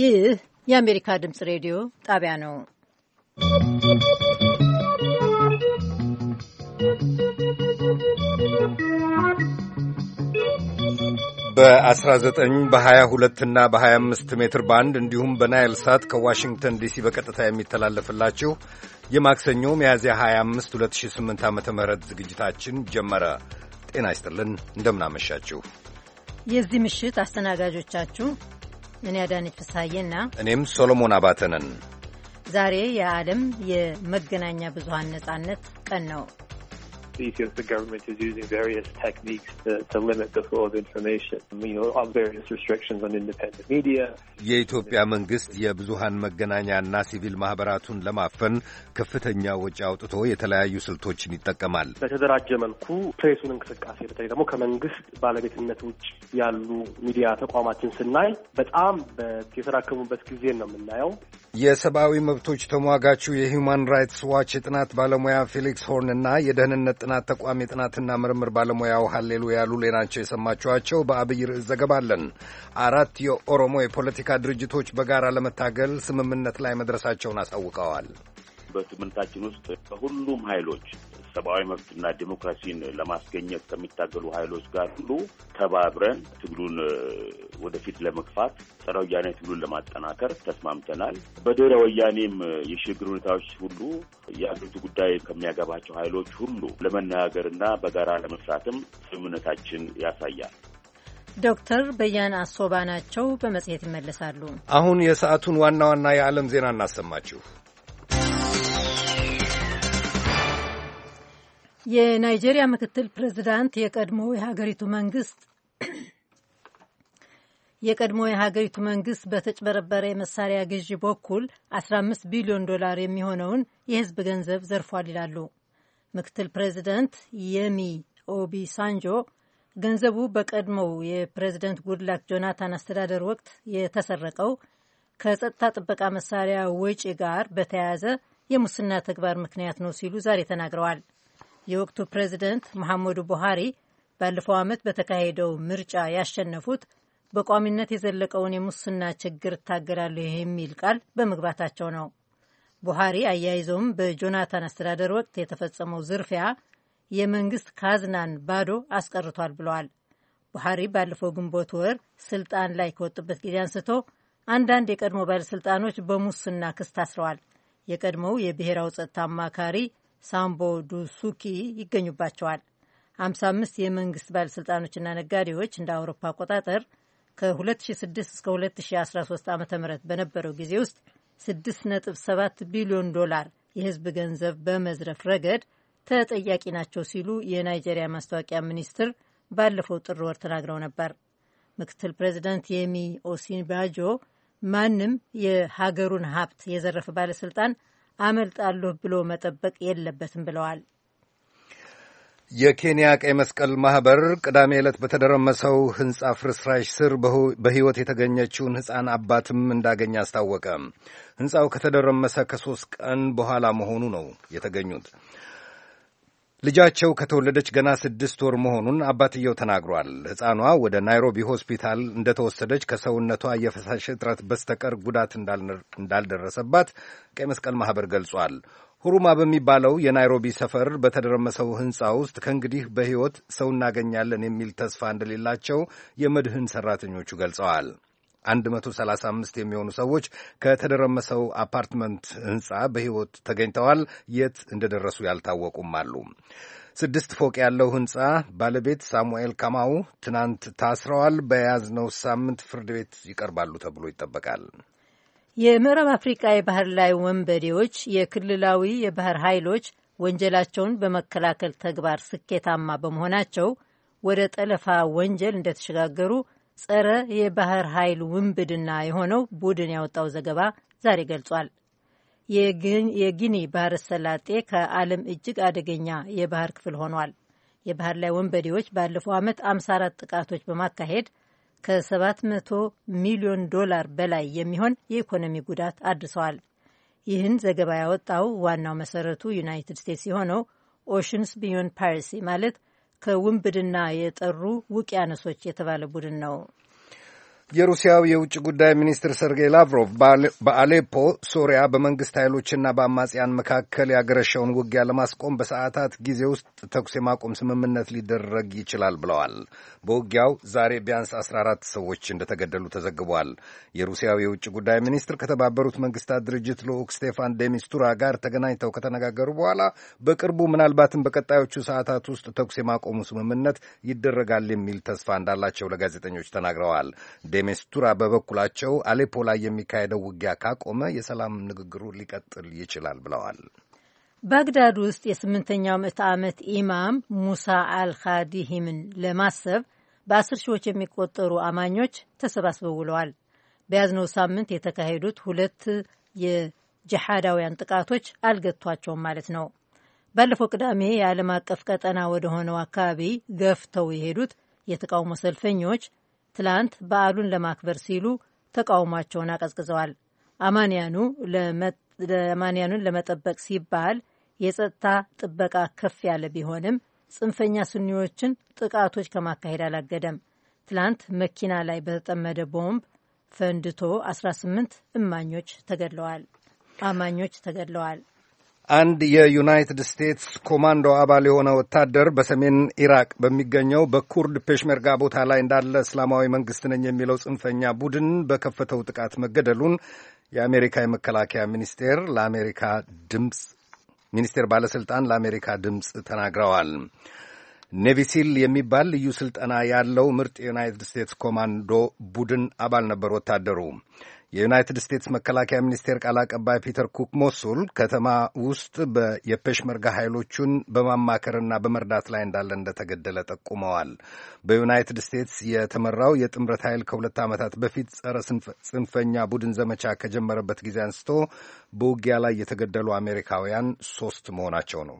ይህ የአሜሪካ ድምጽ ሬዲዮ ጣቢያ ነው። በ19 በ22 እና በ25 ሜትር ባንድ እንዲሁም በናይል ሳት ከዋሽንግተን ዲሲ በቀጥታ የሚተላለፍላችሁ የማክሰኞ ሚያዝያ 25 2008 ዓ ም ዝግጅታችን ጀመረ። ጤና ይስጥልን። እንደምናመሻችሁ የዚህ ምሽት አስተናጋጆቻችሁ እኔ አዳነች ፍስሐዬና እኔም ሶሎሞን አባተ ነን። ዛሬ የዓለም የመገናኛ ብዙሃን ነጻነት ቀን ነው። The Ethiopian government is using various techniques to, to limit the flow of information, you know, on various restrictions on independent media. የኢትዮጵያ መንግስት የብዙሃን መገናኛና ሲቪል ማህበራቱን ለማፈን ከፍተኛ ወጪ አውጥቶ የተለያዩ ስልቶችን ይጠቀማል። በተደራጀ መልኩ ፕሬሱን እንቅስቃሴ በተለይ ደግሞ ከመንግስት ባለቤትነት ውጭ ያሉ ሚዲያ ተቋማትን ስናይ በጣም የተራከሙበት ጊዜ ነው የምናየው። የሰብአዊ መብቶች ተሟጋቹ የሂውማን ራይትስ ዋች የጥናት ባለሙያ ፌሊክስ ሆርን እና የደህንነት ጥናት ተቋም የጥናትና ምርምር ባለሙያው ሀሌሉ ያሉ ሌናቸው የሰማችኋቸው። በአብይ ርዕስ ዘገባ አለን። አራት የኦሮሞ የፖለቲካ ድርጅቶች በጋራ ለመታገል ስምምነት ላይ መድረሳቸውን አሳውቀዋል። በስምምነታችን ውስጥ በሁሉም ኃይሎች ሰብአዊ መብትና ዲሞክራሲን ለማስገኘት ከሚታገሉ ኃይሎች ጋር ሁሉ ተባብረን ትግሉን ወደፊት ለመግፋት ጸረ ወያኔ ትግሉን ለማጠናከር ተስማምተናል። በድህረ ወያኔም የሽግግር ሁኔታዎች ሁሉ የአገሪቱ ጉዳይ ከሚያገባቸው ኃይሎች ሁሉ ለመነጋገርና በጋራ ለመስራትም ስምምነታችን ያሳያል። ዶክተር በያን አሶባ ናቸው። በመጽሔት ይመለሳሉ። አሁን የሰዓቱን ዋና ዋና የዓለም ዜና እናሰማችሁ። የናይጄሪያ ምክትል ፕሬዚዳንት የቀድሞ የሀገሪቱ መንግስት የቀድሞ የሀገሪቱ መንግስት በተጭበረበረ የመሳሪያ ግዢ በኩል 15 ቢሊዮን ዶላር የሚሆነውን የህዝብ ገንዘብ ዘርፏል ይላሉ። ምክትል ፕሬዚደንት የሚ ኦቢ ሳንጆ ገንዘቡ በቀድሞው የፕሬዚደንት ጉድላክ ጆናታን አስተዳደር ወቅት የተሰረቀው ከጸጥታ ጥበቃ መሳሪያ ወጪ ጋር በተያያዘ የሙስና ተግባር ምክንያት ነው ሲሉ ዛሬ ተናግረዋል። የወቅቱ ፕሬዚደንት መሐመዱ ቡሃሪ ባለፈው ዓመት በተካሄደው ምርጫ ያሸነፉት በቋሚነት የዘለቀውን የሙስና ችግር እታገላለሁ የሚል ቃል በመግባታቸው ነው። ቡሃሪ አያይዘውም በጆናታን አስተዳደር ወቅት የተፈጸመው ዝርፊያ የመንግስት ካዝናን ባዶ አስቀርቷል ብለዋል። ቡሃሪ ባለፈው ግንቦት ወር ስልጣን ላይ ከወጡበት ጊዜ አንስቶ አንዳንድ የቀድሞ ባለሥልጣኖች በሙስና ክስ ታስረዋል። የቀድሞው የብሔራዊ ጸጥታ አማካሪ ሳምቦ ዱሱኪ ይገኙባቸዋል። 55 የመንግስት ባለሥልጣኖችና ነጋዴዎች እንደ አውሮፓ አቆጣጠር ከ2006 እስከ 2013 ዓ ም በነበረው ጊዜ ውስጥ 6.7 ቢሊዮን ዶላር የህዝብ ገንዘብ በመዝረፍ ረገድ ተጠያቂ ናቸው ሲሉ የናይጄሪያ ማስታወቂያ ሚኒስትር ባለፈው ጥር ወር ተናግረው ነበር። ምክትል ፕሬዚዳንት የሚ ባጆ ማንም የሀገሩን ሀብት የዘረፈ ባለስልጣን አመልጣለሁ ብሎ መጠበቅ የለበትም ብለዋል። የኬንያ ቀይ መስቀል ማኅበር ቅዳሜ ዕለት በተደረመሰው ሕንፃ ፍርስራሽ ስር በሕይወት የተገኘችውን ሕፃን አባትም እንዳገኘ አስታወቀ። ሕንፃው ከተደረመሰ ከሦስት ቀን በኋላ መሆኑ ነው የተገኙት። ልጃቸው ከተወለደች ገና ስድስት ወር መሆኑን አባትየው ተናግሯል። ሕፃኗ ወደ ናይሮቢ ሆስፒታል እንደተወሰደች ከሰውነቷ የፈሳሽ እጥረት በስተቀር ጉዳት እንዳልደረሰባት ቀይ መስቀል ማኅበር ገልጿል። ሁሩማ በሚባለው የናይሮቢ ሰፈር በተደረመሰው ሕንፃ ውስጥ ከእንግዲህ በሕይወት ሰው እናገኛለን የሚል ተስፋ እንደሌላቸው የመድህን ሠራተኞቹ ገልጸዋል። 135 የሚሆኑ ሰዎች ከተደረመሰው አፓርትመንት ህንፃ በሕይወት ተገኝተዋል። የት እንደደረሱ ያልታወቁም አሉ። ስድስት ፎቅ ያለው ህንፃ ባለቤት ሳሙኤል ካማው ትናንት ታስረዋል። በያዝነው ሳምንት ፍርድ ቤት ይቀርባሉ ተብሎ ይጠበቃል። የምዕራብ አፍሪቃ የባህር ላይ ወንበዴዎች የክልላዊ የባህር ኃይሎች ወንጀላቸውን በመከላከል ተግባር ስኬታማ በመሆናቸው ወደ ጠለፋ ወንጀል እንደተሸጋገሩ ጸረ የባህር ኃይል ውንብድና የሆነው ቡድን ያወጣው ዘገባ ዛሬ ገልጿል። የጊኒ ባህረ ሰላጤ ከዓለም እጅግ አደገኛ የባህር ክፍል ሆኗል። የባህር ላይ ወንበዴዎች ባለፈው ዓመት 54 ጥቃቶች በማካሄድ ከ700 ሚሊዮን ዶላር በላይ የሚሆን የኢኮኖሚ ጉዳት አድርሰዋል። ይህን ዘገባ ያወጣው ዋናው መሰረቱ ዩናይትድ ስቴትስ የሆነው ኦሽንስ ቢዮን ፓሪሲ ማለት ከውንብድና የጠሩ ውቅያኖሶች የተባለ ቡድን ነው። የሩሲያው የውጭ ጉዳይ ሚኒስትር ሰርጌይ ላቭሮቭ በአሌፖ ሶሪያ በመንግሥት ኃይሎችና በአማጽያን መካከል ያገረሸውን ውጊያ ለማስቆም በሰዓታት ጊዜ ውስጥ ተኩስ የማቆም ስምምነት ሊደረግ ይችላል ብለዋል። በውጊያው ዛሬ ቢያንስ 14 ሰዎች እንደተገደሉ ተዘግቧል። የሩሲያው የውጭ ጉዳይ ሚኒስትር ከተባበሩት መንግሥታት ድርጅት ልዑክ ስቴፋን ደሚስቱራ ጋር ተገናኝተው ከተነጋገሩ በኋላ በቅርቡ ምናልባትም በቀጣዮቹ ሰዓታት ውስጥ ተኩስ የማቆሙ ስምምነት ይደረጋል የሚል ተስፋ እንዳላቸው ለጋዜጠኞች ተናግረዋል። ዴሜስቱራ በበኩላቸው አሌፖ ላይ የሚካሄደው ውጊያ ካቆመ የሰላም ንግግሩ ሊቀጥል ይችላል ብለዋል። ባግዳድ ውስጥ የስምንተኛው ምዕተ ዓመት ኢማም ሙሳ አልካዲሂምን ለማሰብ በአስር ሺዎች የሚቆጠሩ አማኞች ተሰባስበው ውለዋል። በያዝነው ሳምንት የተካሄዱት ሁለት የጅሃዳውያን ጥቃቶች አልገቷቸውም ማለት ነው። ባለፈው ቅዳሜ የዓለም አቀፍ ቀጠና ወደ ሆነው አካባቢ ገፍተው የሄዱት የተቃውሞ ሰልፈኞች ትላንት በዓሉን ለማክበር ሲሉ ተቃውሟቸውን አቀዝቅዘዋል። አማንያኑን ለመጠበቅ ሲባል የጸጥታ ጥበቃ ከፍ ያለ ቢሆንም ጽንፈኛ ሱኒዎችን ጥቃቶች ከማካሄድ አላገደም። ትላንት መኪና ላይ በተጠመደ ቦምብ ፈንድቶ 18 እማኞች ተገድለዋል አማኞች ተገድለዋል። አንድ የዩናይትድ ስቴትስ ኮማንዶ አባል የሆነ ወታደር በሰሜን ኢራቅ በሚገኘው በኩርድ ፔሽሜርጋ ቦታ ላይ እንዳለ እስላማዊ መንግስት ነኝ የሚለው ጽንፈኛ ቡድን በከፈተው ጥቃት መገደሉን የአሜሪካ የመከላከያ ሚኒስቴር ለአሜሪካ ድምፅ ሚኒስቴር ባለሥልጣን ለአሜሪካ ድምፅ ተናግረዋል። ኔቪሲል የሚባል ልዩ ስልጠና ያለው ምርጥ የዩናይትድ ስቴትስ ኮማንዶ ቡድን አባል ነበር ወታደሩ። የዩናይትድ ስቴትስ መከላከያ ሚኒስቴር ቃል አቀባይ ፒተር ኩክ ሞሱል ከተማ ውስጥ የፔሽመርጋ ኃይሎቹን በማማከርና በመርዳት ላይ እንዳለ እንደተገደለ ጠቁመዋል። በዩናይትድ ስቴትስ የተመራው የጥምረት ኃይል ከሁለት ዓመታት በፊት ጸረ ጽንፈኛ ቡድን ዘመቻ ከጀመረበት ጊዜ አንስቶ በውጊያ ላይ የተገደሉ አሜሪካውያን ሶስት መሆናቸው ነው።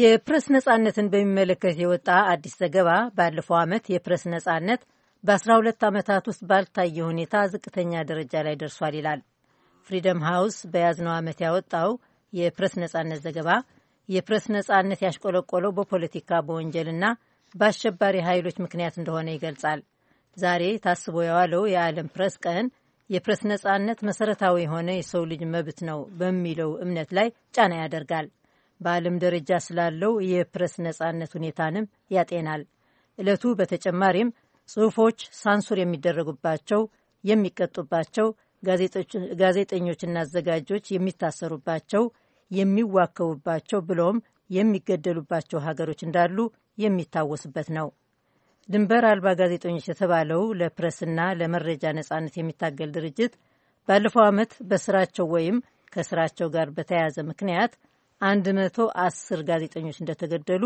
የፕሬስ ነጻነትን በሚመለከት የወጣ አዲስ ዘገባ ባለፈው ዓመት የፕሬስ ነጻነት በ12 ዓመታት ውስጥ ባልታየ ሁኔታ ዝቅተኛ ደረጃ ላይ ደርሷል ይላል። ፍሪደም ሃውስ በያዝነው ዓመት ያወጣው የፕረስ ነጻነት ዘገባ የፕረስ ነጻነት ያሽቆለቆለው በፖለቲካ በወንጀልና በአሸባሪ ኃይሎች ምክንያት እንደሆነ ይገልጻል። ዛሬ ታስቦ የዋለው የዓለም ፕረስ ቀን የፕረስ ነጻነት መሰረታዊ የሆነ የሰው ልጅ መብት ነው በሚለው እምነት ላይ ጫና ያደርጋል። በዓለም ደረጃ ስላለው የፕረስ ነጻነት ሁኔታንም ያጤናል። ዕለቱ በተጨማሪም ጽሑፎች ሳንሱር የሚደረጉባቸው፣ የሚቀጡባቸው፣ ጋዜጠኞችና አዘጋጆች የሚታሰሩባቸው፣ የሚዋከቡባቸው ብሎም የሚገደሉባቸው ሀገሮች እንዳሉ የሚታወስበት ነው። ድንበር አልባ ጋዜጠኞች የተባለው ለፕረስና ለመረጃ ነጻነት የሚታገል ድርጅት ባለፈው ዓመት በስራቸው ወይም ከስራቸው ጋር በተያያዘ ምክንያት 110 ጋዜጠኞች እንደተገደሉ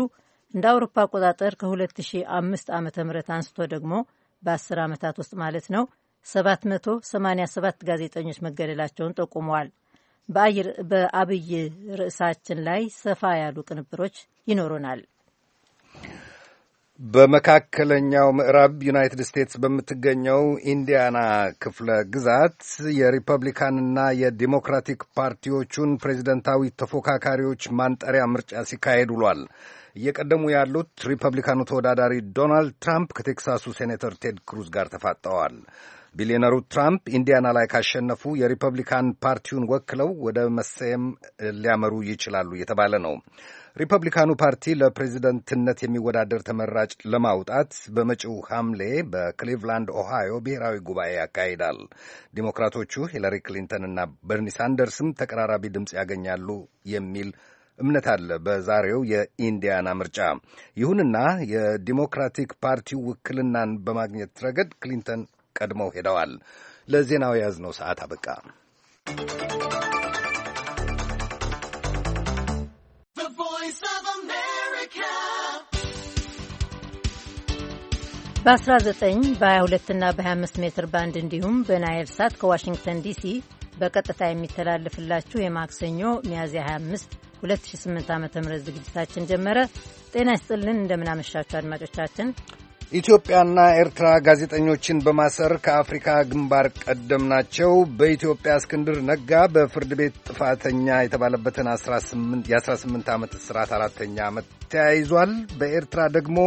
እንደ አውሮፓ አቆጣጠር ከ2005 ዓ ም አንስቶ ደግሞ በ10 ዓመታት ውስጥ ማለት ነው 787 ጋዜጠኞች መገደላቸውን ጠቁመዋል። በአብይ ርዕሳችን ላይ ሰፋ ያሉ ቅንብሮች ይኖሩናል። በመካከለኛው ምዕራብ ዩናይትድ ስቴትስ በምትገኘው ኢንዲያና ክፍለ ግዛት የሪፐብሊካንና የዲሞክራቲክ ፓርቲዎቹን ፕሬዚደንታዊ ተፎካካሪዎች ማንጠሪያ ምርጫ ሲካሄድ ውሏል። እየቀደሙ ያሉት ሪፐብሊካኑ ተወዳዳሪ ዶናልድ ትራምፕ ከቴክሳሱ ሴኔተር ቴድ ክሩዝ ጋር ተፋጠዋል። ቢሊዮነሩ ትራምፕ ኢንዲያና ላይ ካሸነፉ የሪፐብሊካን ፓርቲውን ወክለው ወደ መሰየም ሊያመሩ ይችላሉ እየተባለ ነው። ሪፐብሊካኑ ፓርቲ ለፕሬዚደንትነት የሚወዳደር ተመራጭ ለማውጣት በመጪው ሐምሌ በክሊቭላንድ ኦሃዮ ብሔራዊ ጉባኤ ያካሂዳል። ዲሞክራቶቹ ሂላሪ ክሊንተንና በርኒ ሳንደርስም ተቀራራቢ ድምፅ ያገኛሉ የሚል እምነት አለ በዛሬው የኢንዲያና ምርጫ። ይሁንና የዲሞክራቲክ ፓርቲ ውክልናን በማግኘት ረገድ ክሊንተን ቀድመው ሄደዋል። ለዜናው የያዝነው ሰዓት አበቃ። በ19 22 በ25 ሜትር ባንድ እንዲሁም በናይል ሳት ከዋሽንግተን ዲሲ በቀጥታ የሚተላለፍላችሁ የማክሰኞ ሚያዝያ 25 2008 ዓ ም ዝግጅታችን ጀመረ። ጤና ይስጥልን፣ እንደምናመሻችሁ አድማጮቻችን። ኢትዮጵያና ኤርትራ ጋዜጠኞችን በማሰር ከአፍሪካ ግንባር ቀደም ናቸው። በኢትዮጵያ እስክንድር ነጋ በፍርድ ቤት ጥፋተኛ የተባለበትን የ18 ዓመት እስራት አራተኛ ዓመት ተያይዟል። በኤርትራ ደግሞ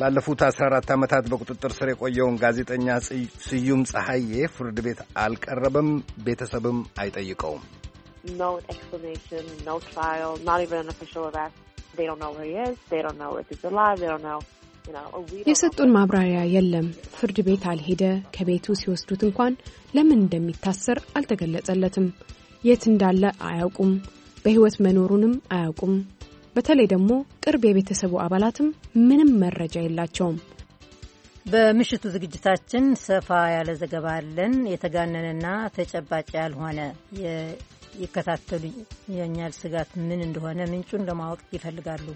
ላለፉት 14 ዓመታት በቁጥጥር ስር የቆየውን ጋዜጠኛ ስዩም ፀሐዬ ፍርድ ቤት አልቀረበም፣ ቤተሰብም አይጠይቀውም። no explanation, no trial, not even an official arrest. They don't know where he is. They don't know if he's alive. They don't know. የሰጡን ማብራሪያ የለም። ፍርድ ቤት አልሄደ። ከቤቱ ሲወስዱት እንኳን ለምን እንደሚታሰር አልተገለጸለትም። የት እንዳለ አያውቁም። በሕይወት መኖሩንም አያውቁም። በተለይ ደግሞ ቅርብ የቤተሰቡ አባላትም ምንም መረጃ የላቸውም። በምሽቱ ዝግጅታችን ሰፋ ያለ ዘገባ አለን። የተጋነነና ተጨባጭ ያልሆነ ይከታተሉ የኛል ስጋት ምን እንደሆነ ምንጩን ለማወቅ ይፈልጋሉ።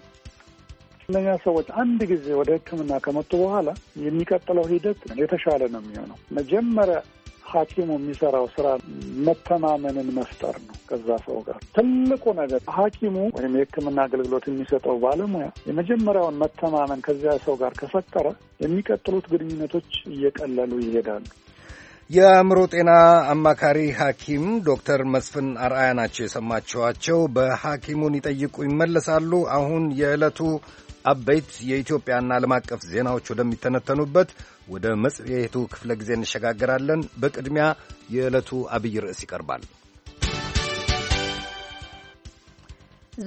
ለኛ ሰዎች አንድ ጊዜ ወደ ሕክምና ከመጡ በኋላ የሚቀጥለው ሂደት የተሻለ ነው የሚሆነው። መጀመሪያ ሐኪሙ የሚሰራው ስራ መተማመንን መፍጠር ነው ከዛ ሰው ጋር። ትልቁ ነገር ሐኪሙ ወይም የሕክምና አገልግሎት የሚሰጠው ባለሙያ የመጀመሪያውን መተማመን ከዚያ ሰው ጋር ከፈጠረ የሚቀጥሉት ግንኙነቶች እየቀለሉ ይሄዳሉ። የአእምሮ ጤና አማካሪ ሐኪም ዶክተር መስፍን አርአያ ናቸው የሰማችኋቸው። በሐኪሙን ይጠይቁ ይመለሳሉ። አሁን የዕለቱ አበይት የኢትዮጵያና ዓለም አቀፍ ዜናዎች ወደሚተነተኑበት ወደ መጽሔቱ ክፍለ ጊዜ እንሸጋገራለን። በቅድሚያ የዕለቱ አብይ ርዕስ ይቀርባል።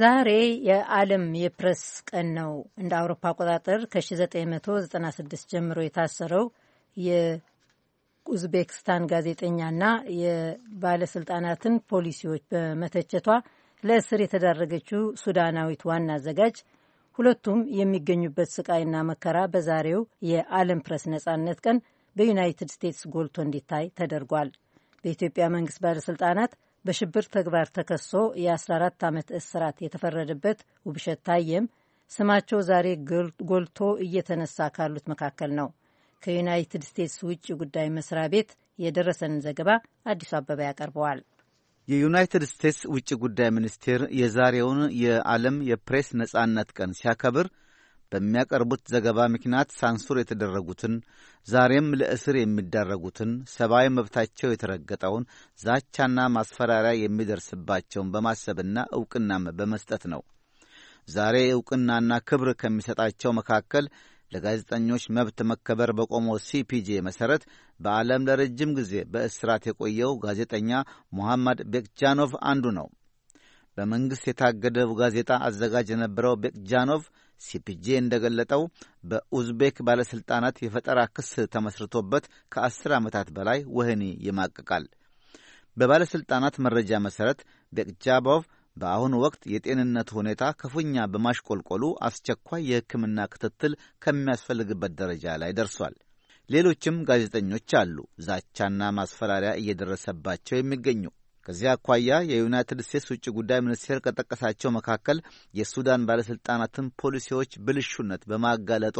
ዛሬ የዓለም የፕረስ ቀን ነው። እንደ አውሮፓ አቆጣጠር ከ1996 ጀምሮ የታሰረው ኡዝቤክስታን ጋዜጠኛና የባለስልጣናትን ፖሊሲዎች በመተቸቷ ለእስር የተዳረገችው ሱዳናዊት ዋና አዘጋጅ ሁለቱም የሚገኙበት ስቃይና መከራ በዛሬው የዓለም ፕረስ ነጻነት ቀን በዩናይትድ ስቴትስ ጎልቶ እንዲታይ ተደርጓል። በኢትዮጵያ መንግስት ባለስልጣናት በሽብር ተግባር ተከሶ የ14 ዓመት እስራት የተፈረደበት ውብሸት ታየም ስማቸው ዛሬ ጎልቶ እየተነሳ ካሉት መካከል ነው። ከዩናይትድ ስቴትስ ውጭ ጉዳይ መስሪያ ቤት የደረሰንን ዘገባ አዲሱ አበባ ያቀርበዋል። የዩናይትድ ስቴትስ ውጭ ጉዳይ ሚኒስቴር የዛሬውን የዓለም የፕሬስ ነጻነት ቀን ሲያከብር በሚያቀርቡት ዘገባ ምክንያት ሳንሱር የተደረጉትን ዛሬም ለእስር የሚዳረጉትን ሰብአዊ መብታቸው የተረገጠውን ዛቻና ማስፈራሪያ የሚደርስባቸውን በማሰብና እውቅናም በመስጠት ነው። ዛሬ እውቅናና ክብር ከሚሰጣቸው መካከል ለጋዜጠኞች መብት መከበር በቆመው ሲፒጄ መሠረት በዓለም ለረጅም ጊዜ በእስራት የቆየው ጋዜጠኛ ሙሐመድ ቤክጃኖቭ አንዱ ነው። በመንግሥት የታገደው ጋዜጣ አዘጋጅ የነበረው ቤክጃኖቭ ሲፒጄ እንደገለጠው በኡዝቤክ ባለሥልጣናት የፈጠራ ክስ ተመስርቶበት ከአስር ዓመታት በላይ ወህኒ ይማቅቃል። በባለሥልጣናት መረጃ መሠረት ቤክጃቦቭ በአሁኑ ወቅት የጤንነት ሁኔታ ክፉኛ በማሽቆልቆሉ አስቸኳይ የሕክምና ክትትል ከሚያስፈልግበት ደረጃ ላይ ደርሷል። ሌሎችም ጋዜጠኞች አሉ ዛቻና ማስፈራሪያ እየደረሰባቸው የሚገኙ። ከዚያ አኳያ የዩናይትድ ስቴትስ ውጭ ጉዳይ ሚኒስቴር ከጠቀሳቸው መካከል የሱዳን ባለሥልጣናትን ፖሊሲዎች ብልሹነት በማጋለጧ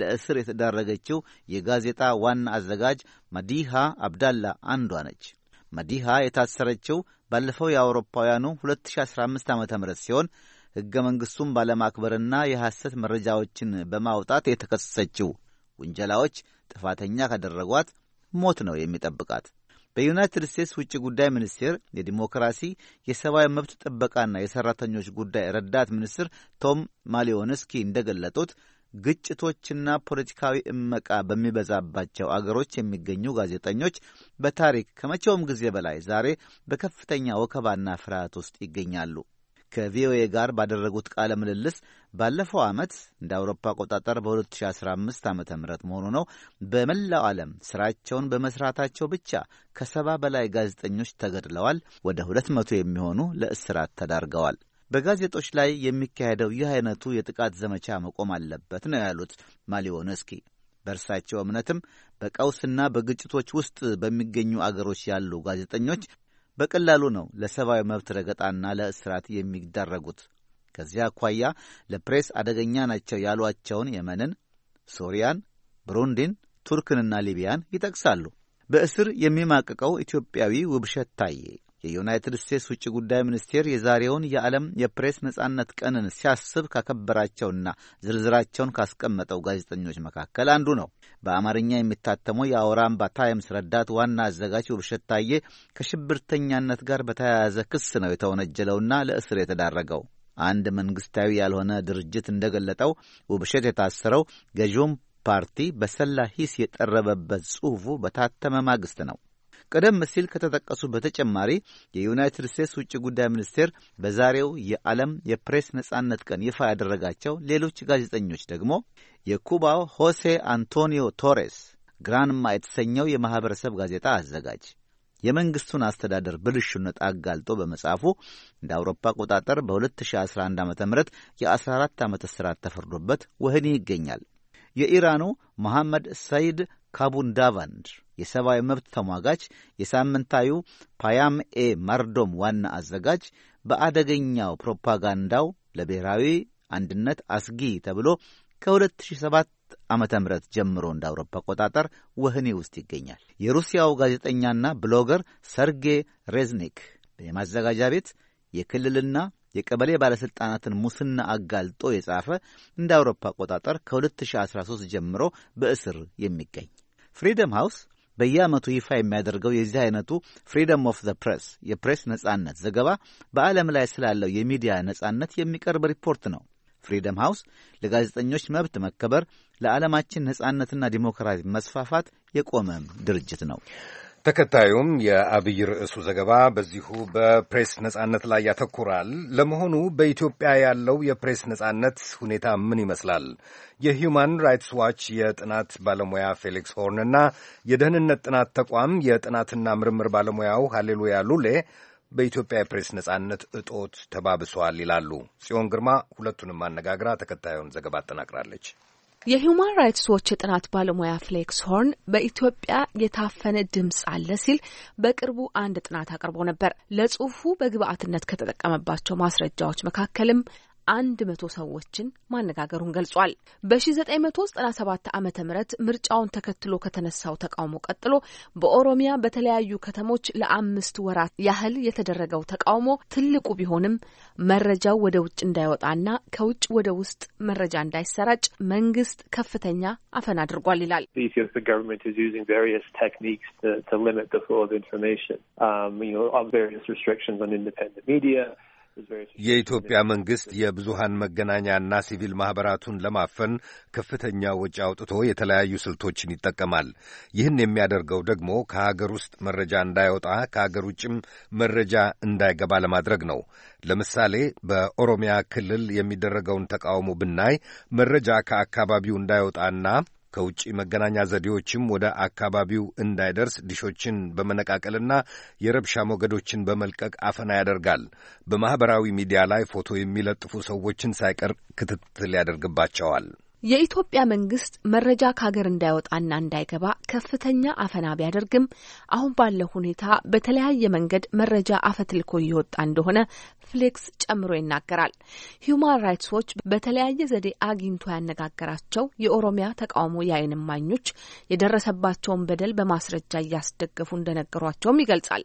ለእስር የተዳረገችው የጋዜጣ ዋና አዘጋጅ ማዲሃ አብዳላ አንዷ ነች። መዲሃ የታሰረችው ባለፈው የአውሮፓውያኑ 2015 ዓ ም ሲሆን ሕገ መንግሥቱን ባለማክበርና የሐሰት መረጃዎችን በማውጣት የተከሰሰችው ውንጀላዎች ጥፋተኛ ካደረጓት ሞት ነው የሚጠብቃት። በዩናይትድ ስቴትስ ውጭ ጉዳይ ሚኒስቴር የዲሞክራሲ የሰብአዊ መብት ጥበቃና የሠራተኞች ጉዳይ ረዳት ሚኒስትር ቶም ማሊዮንስኪ እንደገለጡት ግጭቶችና ፖለቲካዊ እመቃ በሚበዛባቸው አገሮች የሚገኙ ጋዜጠኞች በታሪክ ከመቼውም ጊዜ በላይ ዛሬ በከፍተኛ ወከባና ፍርሃት ውስጥ ይገኛሉ። ከቪኦኤ ጋር ባደረጉት ቃለ ምልልስ ባለፈው ዓመት እንደ አውሮፓ አቆጣጠር በ2015 ዓ ም መሆኑ ነው በመላው ዓለም ስራቸውን በመስራታቸው ብቻ ከሰባ በላይ ጋዜጠኞች ተገድለዋል። ወደ ሁለት መቶ የሚሆኑ ለእስራት ተዳርገዋል። በጋዜጦች ላይ የሚካሄደው ይህ አይነቱ የጥቃት ዘመቻ መቆም አለበት ነው ያሉት ማሊዮነስኪ። በእርሳቸው እምነትም በቀውስና በግጭቶች ውስጥ በሚገኙ አገሮች ያሉ ጋዜጠኞች በቀላሉ ነው ለሰብአዊ መብት ረገጣና ለእስራት የሚዳረጉት። ከዚያ አኳያ ለፕሬስ አደገኛ ናቸው ያሏቸውን የመንን፣ ሶሪያን፣ ብሩንዲን፣ ቱርክንና ሊቢያን ይጠቅሳሉ። በእስር የሚማቅቀው ኢትዮጵያዊ ውብሸት ታዬ የዩናይትድ ስቴትስ ውጭ ጉዳይ ሚኒስቴር የዛሬውን የዓለም የፕሬስ ነጻነት ቀንን ሲያስብ ካከበራቸውና ዝርዝራቸውን ካስቀመጠው ጋዜጠኞች መካከል አንዱ ነው። በአማርኛ የሚታተመው የአውራምባ ታይምስ ረዳት ዋና አዘጋጅ ውብሸት ታዬ ከሽብርተኛነት ጋር በተያያዘ ክስ ነው የተወነጀለውና ለእስር የተዳረገው። አንድ መንግስታዊ ያልሆነ ድርጅት እንደገለጠው ውብሸት የታሰረው ገዢውን ፓርቲ በሰላ ሂስ የጠረበበት ጽሑፉ በታተመ ማግስት ነው። ቀደም ሲል ከተጠቀሱ በተጨማሪ የዩናይትድ ስቴትስ ውጭ ጉዳይ ሚኒስቴር በዛሬው የዓለም የፕሬስ ነጻነት ቀን ይፋ ያደረጋቸው ሌሎች ጋዜጠኞች ደግሞ የኩባው ሆሴ አንቶኒዮ ቶሬስ ግራንማ የተሰኘው የማኅበረሰብ ጋዜጣ አዘጋጅ የመንግሥቱን አስተዳደር ብልሹነት አጋልጦ በመጻፉ እንደ አውሮፓ አቆጣጠር በ2011 ዓ ም የ14 ዓመት እስራት ተፈርዶበት ወህኒ ይገኛል። የኢራኑ መሐመድ ሰይድ ካቡን ዳቫንድ የሰብአዊ መብት ተሟጋች የሳምንታዩ ፓያም ኤ ማርዶም ዋና አዘጋጅ በአደገኛው ፕሮፓጋንዳው ለብሔራዊ አንድነት አስጊ ተብሎ ከ2007 ዓ ም ጀምሮ እንደ አውሮፓ አቆጣጠር ወህኒ ውስጥ ይገኛል። የሩሲያው ጋዜጠኛና ብሎገር ሰርጌ ሬዝኒክ የማዘጋጃ ቤት የክልልና የቀበሌ ባለሥልጣናትን ሙስና አጋልጦ የጻፈ እንደ አውሮፓ አቆጣጠር ከ2013 ጀምሮ በእስር የሚገኝ ፍሪደም ሃውስ በየዓመቱ ይፋ የሚያደርገው የዚህ አይነቱ ፍሪደም ኦፍ ዘ ፕሬስ የፕሬስ ነጻነት ዘገባ በዓለም ላይ ስላለው የሚዲያ ነጻነት የሚቀርብ ሪፖርት ነው። ፍሪደም ሃውስ ለጋዜጠኞች መብት መከበር፣ ለዓለማችን ነጻነትና ዲሞክራሲ መስፋፋት የቆመም ድርጅት ነው። ተከታዩም የአብይ ርዕሱ ዘገባ በዚሁ በፕሬስ ነጻነት ላይ ያተኩራል። ለመሆኑ በኢትዮጵያ ያለው የፕሬስ ነጻነት ሁኔታ ምን ይመስላል? የሂዩማን ራይትስ ዋች የጥናት ባለሙያ ፌሊክስ ሆርን እና የደህንነት ጥናት ተቋም የጥናትና ምርምር ባለሙያው ሃሌሉያ ሉሌ በኢትዮጵያ የፕሬስ ነጻነት እጦት ተባብሷል ይላሉ። ጽዮን ግርማ ሁለቱንም አነጋግራ ተከታዩን ዘገባ አጠናቅራለች። የሂማን ራይትስ ዎች የጥናት ባለሙያ ፍሌክስ ሆርን በኢትዮጵያ የታፈነ ድምፅ አለ ሲል በቅርቡ አንድ ጥናት አቅርቦ ነበር። ለጽሁፉ በግብአትነት ከተጠቀመባቸው ማስረጃዎች መካከልም አንድ መቶ ሰዎችን ማነጋገሩን ገልጿል። በ1997 ዓ ም ምርጫውን ተከትሎ ከተነሳው ተቃውሞ ቀጥሎ በኦሮሚያ በተለያዩ ከተሞች ለአምስት ወራት ያህል የተደረገው ተቃውሞ ትልቁ ቢሆንም መረጃው ወደ ውጭ እንዳይወጣና ከውጭ ወደ ውስጥ መረጃ እንዳይሰራጭ መንግስት ከፍተኛ አፈን አድርጓል ይላል። የኢትዮጵያ መንግስት የብዙሃን መገናኛና ሲቪል ማኅበራቱን ለማፈን ከፍተኛ ወጪ አውጥቶ የተለያዩ ስልቶችን ይጠቀማል። ይህን የሚያደርገው ደግሞ ከሀገር ውስጥ መረጃ እንዳይወጣ ከሀገር ውጭም መረጃ እንዳይገባ ለማድረግ ነው። ለምሳሌ በኦሮሚያ ክልል የሚደረገውን ተቃውሞ ብናይ መረጃ ከአካባቢው እንዳይወጣና ከውጭ መገናኛ ዘዴዎችም ወደ አካባቢው እንዳይደርስ ዲሾችን በመነቃቀልና የረብሻ ሞገዶችን በመልቀቅ አፈና ያደርጋል። በማኅበራዊ ሚዲያ ላይ ፎቶ የሚለጥፉ ሰዎችን ሳይቀር ክትትል ያደርግባቸዋል። የኢትዮጵያ መንግስት መረጃ ከሀገር እንዳይወጣና እንዳይገባ ከፍተኛ አፈና ቢያደርግም አሁን ባለው ሁኔታ በተለያየ መንገድ መረጃ አፈትልኮ እየወጣ እንደሆነ ኔትፍሊክስ ጨምሮ ይናገራል። ሂዩማን ራይትስ ዎች በተለያየ ዘዴ አግኝቶ ያነጋገራቸው የኦሮሚያ ተቃውሞ የዓይን እማኞች የደረሰባቸውን በደል በማስረጃ እያስደገፉ እንደነገሯቸውም ይገልጻል።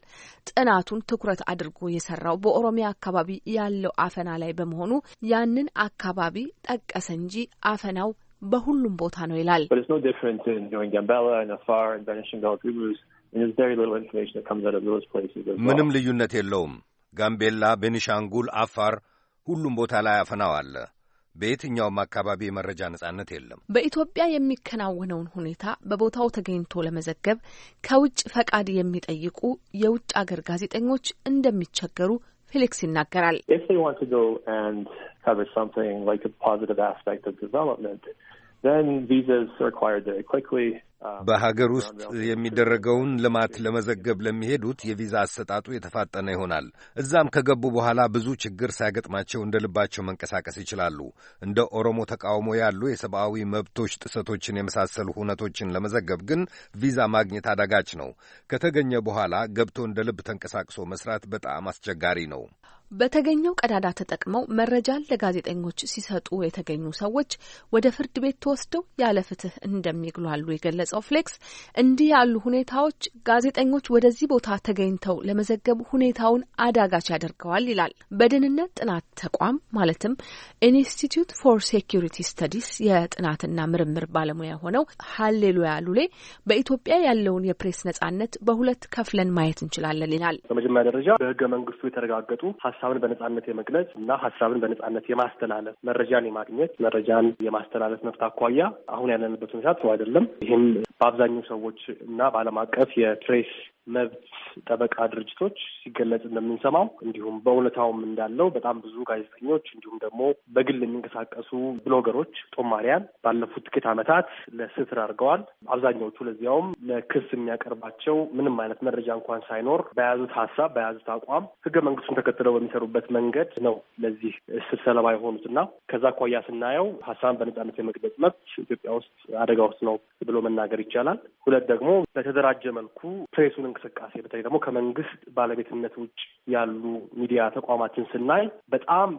ጥናቱን ትኩረት አድርጎ የሰራው በኦሮሚያ አካባቢ ያለው አፈና ላይ በመሆኑ ያንን አካባቢ ጠቀሰ እንጂ አፈናው በሁሉም ቦታ ነው ይላል። ምንም ልዩነት የለውም። ጋምቤላ፣ ቤኒሻንጉል፣ አፋር ሁሉም ቦታ ላይ አፈናው አለ። በየትኛውም አካባቢ የመረጃ ነጻነት የለም። በኢትዮጵያ የሚከናወነውን ሁኔታ በቦታው ተገኝቶ ለመዘገብ ከውጭ ፈቃድ የሚጠይቁ የውጭ አገር ጋዜጠኞች እንደሚቸገሩ ፌሊክስ ይናገራል። በሀገር ውስጥ የሚደረገውን ልማት ለመዘገብ ለሚሄዱት የቪዛ አሰጣጡ የተፋጠነ ይሆናል። እዛም ከገቡ በኋላ ብዙ ችግር ሳይገጥማቸው እንደ ልባቸው መንቀሳቀስ ይችላሉ። እንደ ኦሮሞ ተቃውሞ ያሉ የሰብአዊ መብቶች ጥሰቶችን የመሳሰሉ ሁነቶችን ለመዘገብ ግን ቪዛ ማግኘት አዳጋች ነው። ከተገኘ በኋላ ገብቶ እንደ ልብ ተንቀሳቅሶ መስራት በጣም አስቸጋሪ ነው። በተገኘው ቀዳዳ ተጠቅመው መረጃን ለጋዜጠኞች ሲሰጡ የተገኙ ሰዎች ወደ ፍርድ ቤት ተወስደው ያለ ፍትህ እንደሚግሏሉ የገለጸው ፍሌክስ እንዲህ ያሉ ሁኔታዎች ጋዜጠኞች ወደዚህ ቦታ ተገኝተው ለመዘገብ ሁኔታውን አዳጋች ያደርገዋል ይላል። በደህንነት ጥናት ተቋም ማለትም ኢንስቲትዩት ፎር ሴኪሪቲ ስተዲስ የጥናትና ምርምር ባለሙያ ሆነው ሀሌሉያ ሉሌ በኢትዮጵያ ያለውን የፕሬስ ነጻነት በሁለት ከፍለን ማየት እንችላለን ይላል። በመጀመሪያ ደረጃ በህገ መንግስቱ የተረጋገጡ ሀሳብን በነጻነት የመግለጽ እና ሀሳብን በነጻነት የማስተላለፍ መረጃን የማግኘት መረጃን የማስተላለፍ መብት አኳያ አሁን ያለንበት ሁኔታ ጥሩ አይደለም። ይህም በአብዛኛው ሰዎች እና በዓለም አቀፍ የፕሬስ መብት ጠበቃ ድርጅቶች ሲገለጽ እንደምንሰማው እንዲሁም በእውነታውም እንዳለው በጣም ብዙ ጋዜጠኞች እንዲሁም ደግሞ በግል የሚንቀሳቀሱ ብሎገሮች፣ ጦማሪያን ባለፉት ጥቂት ዓመታት ለስትር አድርገዋል። አብዛኛዎቹ ለዚያውም ለክስ የሚያቀርባቸው ምንም አይነት መረጃ እንኳን ሳይኖር በያዙት ሀሳብ በያዙት አቋም ህገ መንግስቱን ተከትለው በሚሰሩበት መንገድ ነው ለዚህ እስር ሰለባ የሆኑት እና ከዛ አኳያ ስናየው ሀሳብን በነጻነት የመግለጽ መብት ኢትዮጵያ ውስጥ አደጋ ውስጥ ነው ብሎ መናገር ይቻላል። ሁለት ደግሞ በተደራጀ መልኩ ፕሬሱን እንቅስቃሴ በተለይ ደግሞ ከመንግስት ባለቤትነት ውጭ ያሉ ሚዲያ ተቋማትን ስናይ በጣም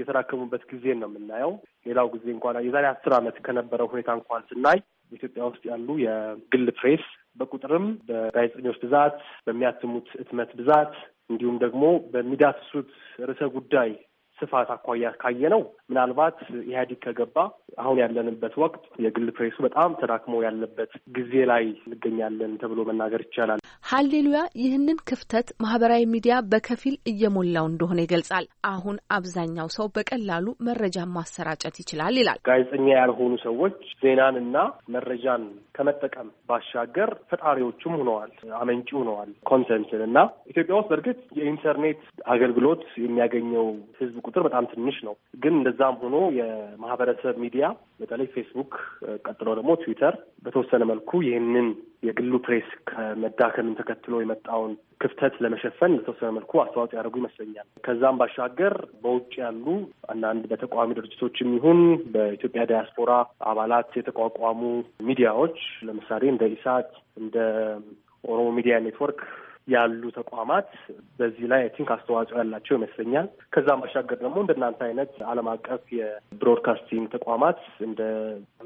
የተራከሙበት ጊዜን ነው የምናየው። ሌላው ጊዜ እንኳን የዛሬ አስር ዓመት ከነበረው ሁኔታ እንኳን ስናይ ኢትዮጵያ ውስጥ ያሉ የግል ፕሬስ በቁጥርም በጋዜጠኞች ብዛት፣ በሚያትሙት እትመት ብዛት እንዲሁም ደግሞ በሚዳስሱት ርዕሰ ጉዳይ ስፋት አኳያ ካየ ነው ምናልባት ኢህአዲግ ከገባ አሁን ያለንበት ወቅት የግል ፕሬሱ በጣም ተዳክሞ ያለበት ጊዜ ላይ እንገኛለን ተብሎ መናገር ይቻላል። ሀሌሉያ ይህንን ክፍተት ማህበራዊ ሚዲያ በከፊል እየሞላው እንደሆነ ይገልጻል። አሁን አብዛኛው ሰው በቀላሉ መረጃ ማሰራጨት ይችላል ይላል። ጋዜጠኛ ያልሆኑ ሰዎች ዜናን እና መረጃን ከመጠቀም ባሻገር ፈጣሪዎቹም ሆነዋል፣ አመንጪ ሆነዋል ኮንተንትን እና ኢትዮጵያ ውስጥ በእርግጥ የኢንተርኔት አገልግሎት የሚያገኘው ህዝብ ቁጥር በጣም ትንሽ ነው። ግን እንደዛም ሆኖ የማህበረሰብ ሚዲያ ሚዲያ በተለይ ፌስቡክ፣ ቀጥሎ ደግሞ ትዊተር በተወሰነ መልኩ ይህንን የግሉ ፕሬስ ከመዳከምን ተከትሎ የመጣውን ክፍተት ለመሸፈን በተወሰነ መልኩ አስተዋጽኦ ያደርጉ ይመስለኛል። ከዛም ባሻገር በውጭ ያሉ አንዳንድ በተቃዋሚ ድርጅቶችም ይሁን በኢትዮጵያ ዲያስፖራ አባላት የተቋቋሙ ሚዲያዎች ለምሳሌ እንደ ኢሳት እንደ ኦሮሞ ሚዲያ ኔትወርክ ያሉ ተቋማት በዚህ ላይ አይ ቲንክ አስተዋጽኦ ያላቸው ይመስለኛል። ከዛም ባሻገር ደግሞ እናንተ አይነት ዓለም አቀፍ የብሮድካስቲንግ ተቋማት እንደ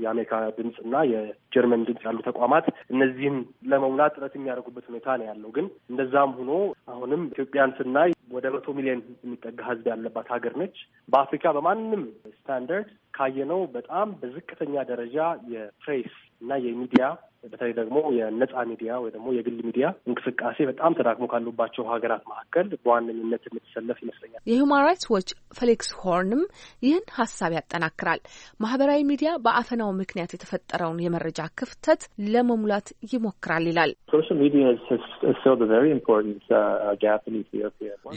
የአሜሪካ ድምፅ እና የጀርመን ድምፅ ያሉ ተቋማት እነዚህም ለመሙላት ጥረት የሚያደርጉበት ሁኔታ ነው ያለው። ግን እንደዛም ሆኖ አሁንም ኢትዮጵያን ስናይ ወደ መቶ ሚሊዮን የሚጠጋ ሕዝብ ያለባት ሀገር ነች። በአፍሪካ በማንም ስታንዳርድ ካየነው በጣም በዝቅተኛ ደረጃ የፕሬስ እና የሚዲያ በተለይ ደግሞ የነጻ ሚዲያ ወይ ደግሞ የግል ሚዲያ እንቅስቃሴ በጣም ተዳክሞ ካሉባቸው ሀገራት መካከል በዋነኝነት የምትሰለፍ ይመስለኛል። የሁማን ራይትስ ዎች ፌሊክስ ሆርንም ይህን ሀሳብ ያጠናክራል። ማህበራዊ ሚዲያ በአፈናው ምክንያት የተፈጠረውን የመረጃ ክፍተት ለመሙላት ይሞክራል ይላል። uh,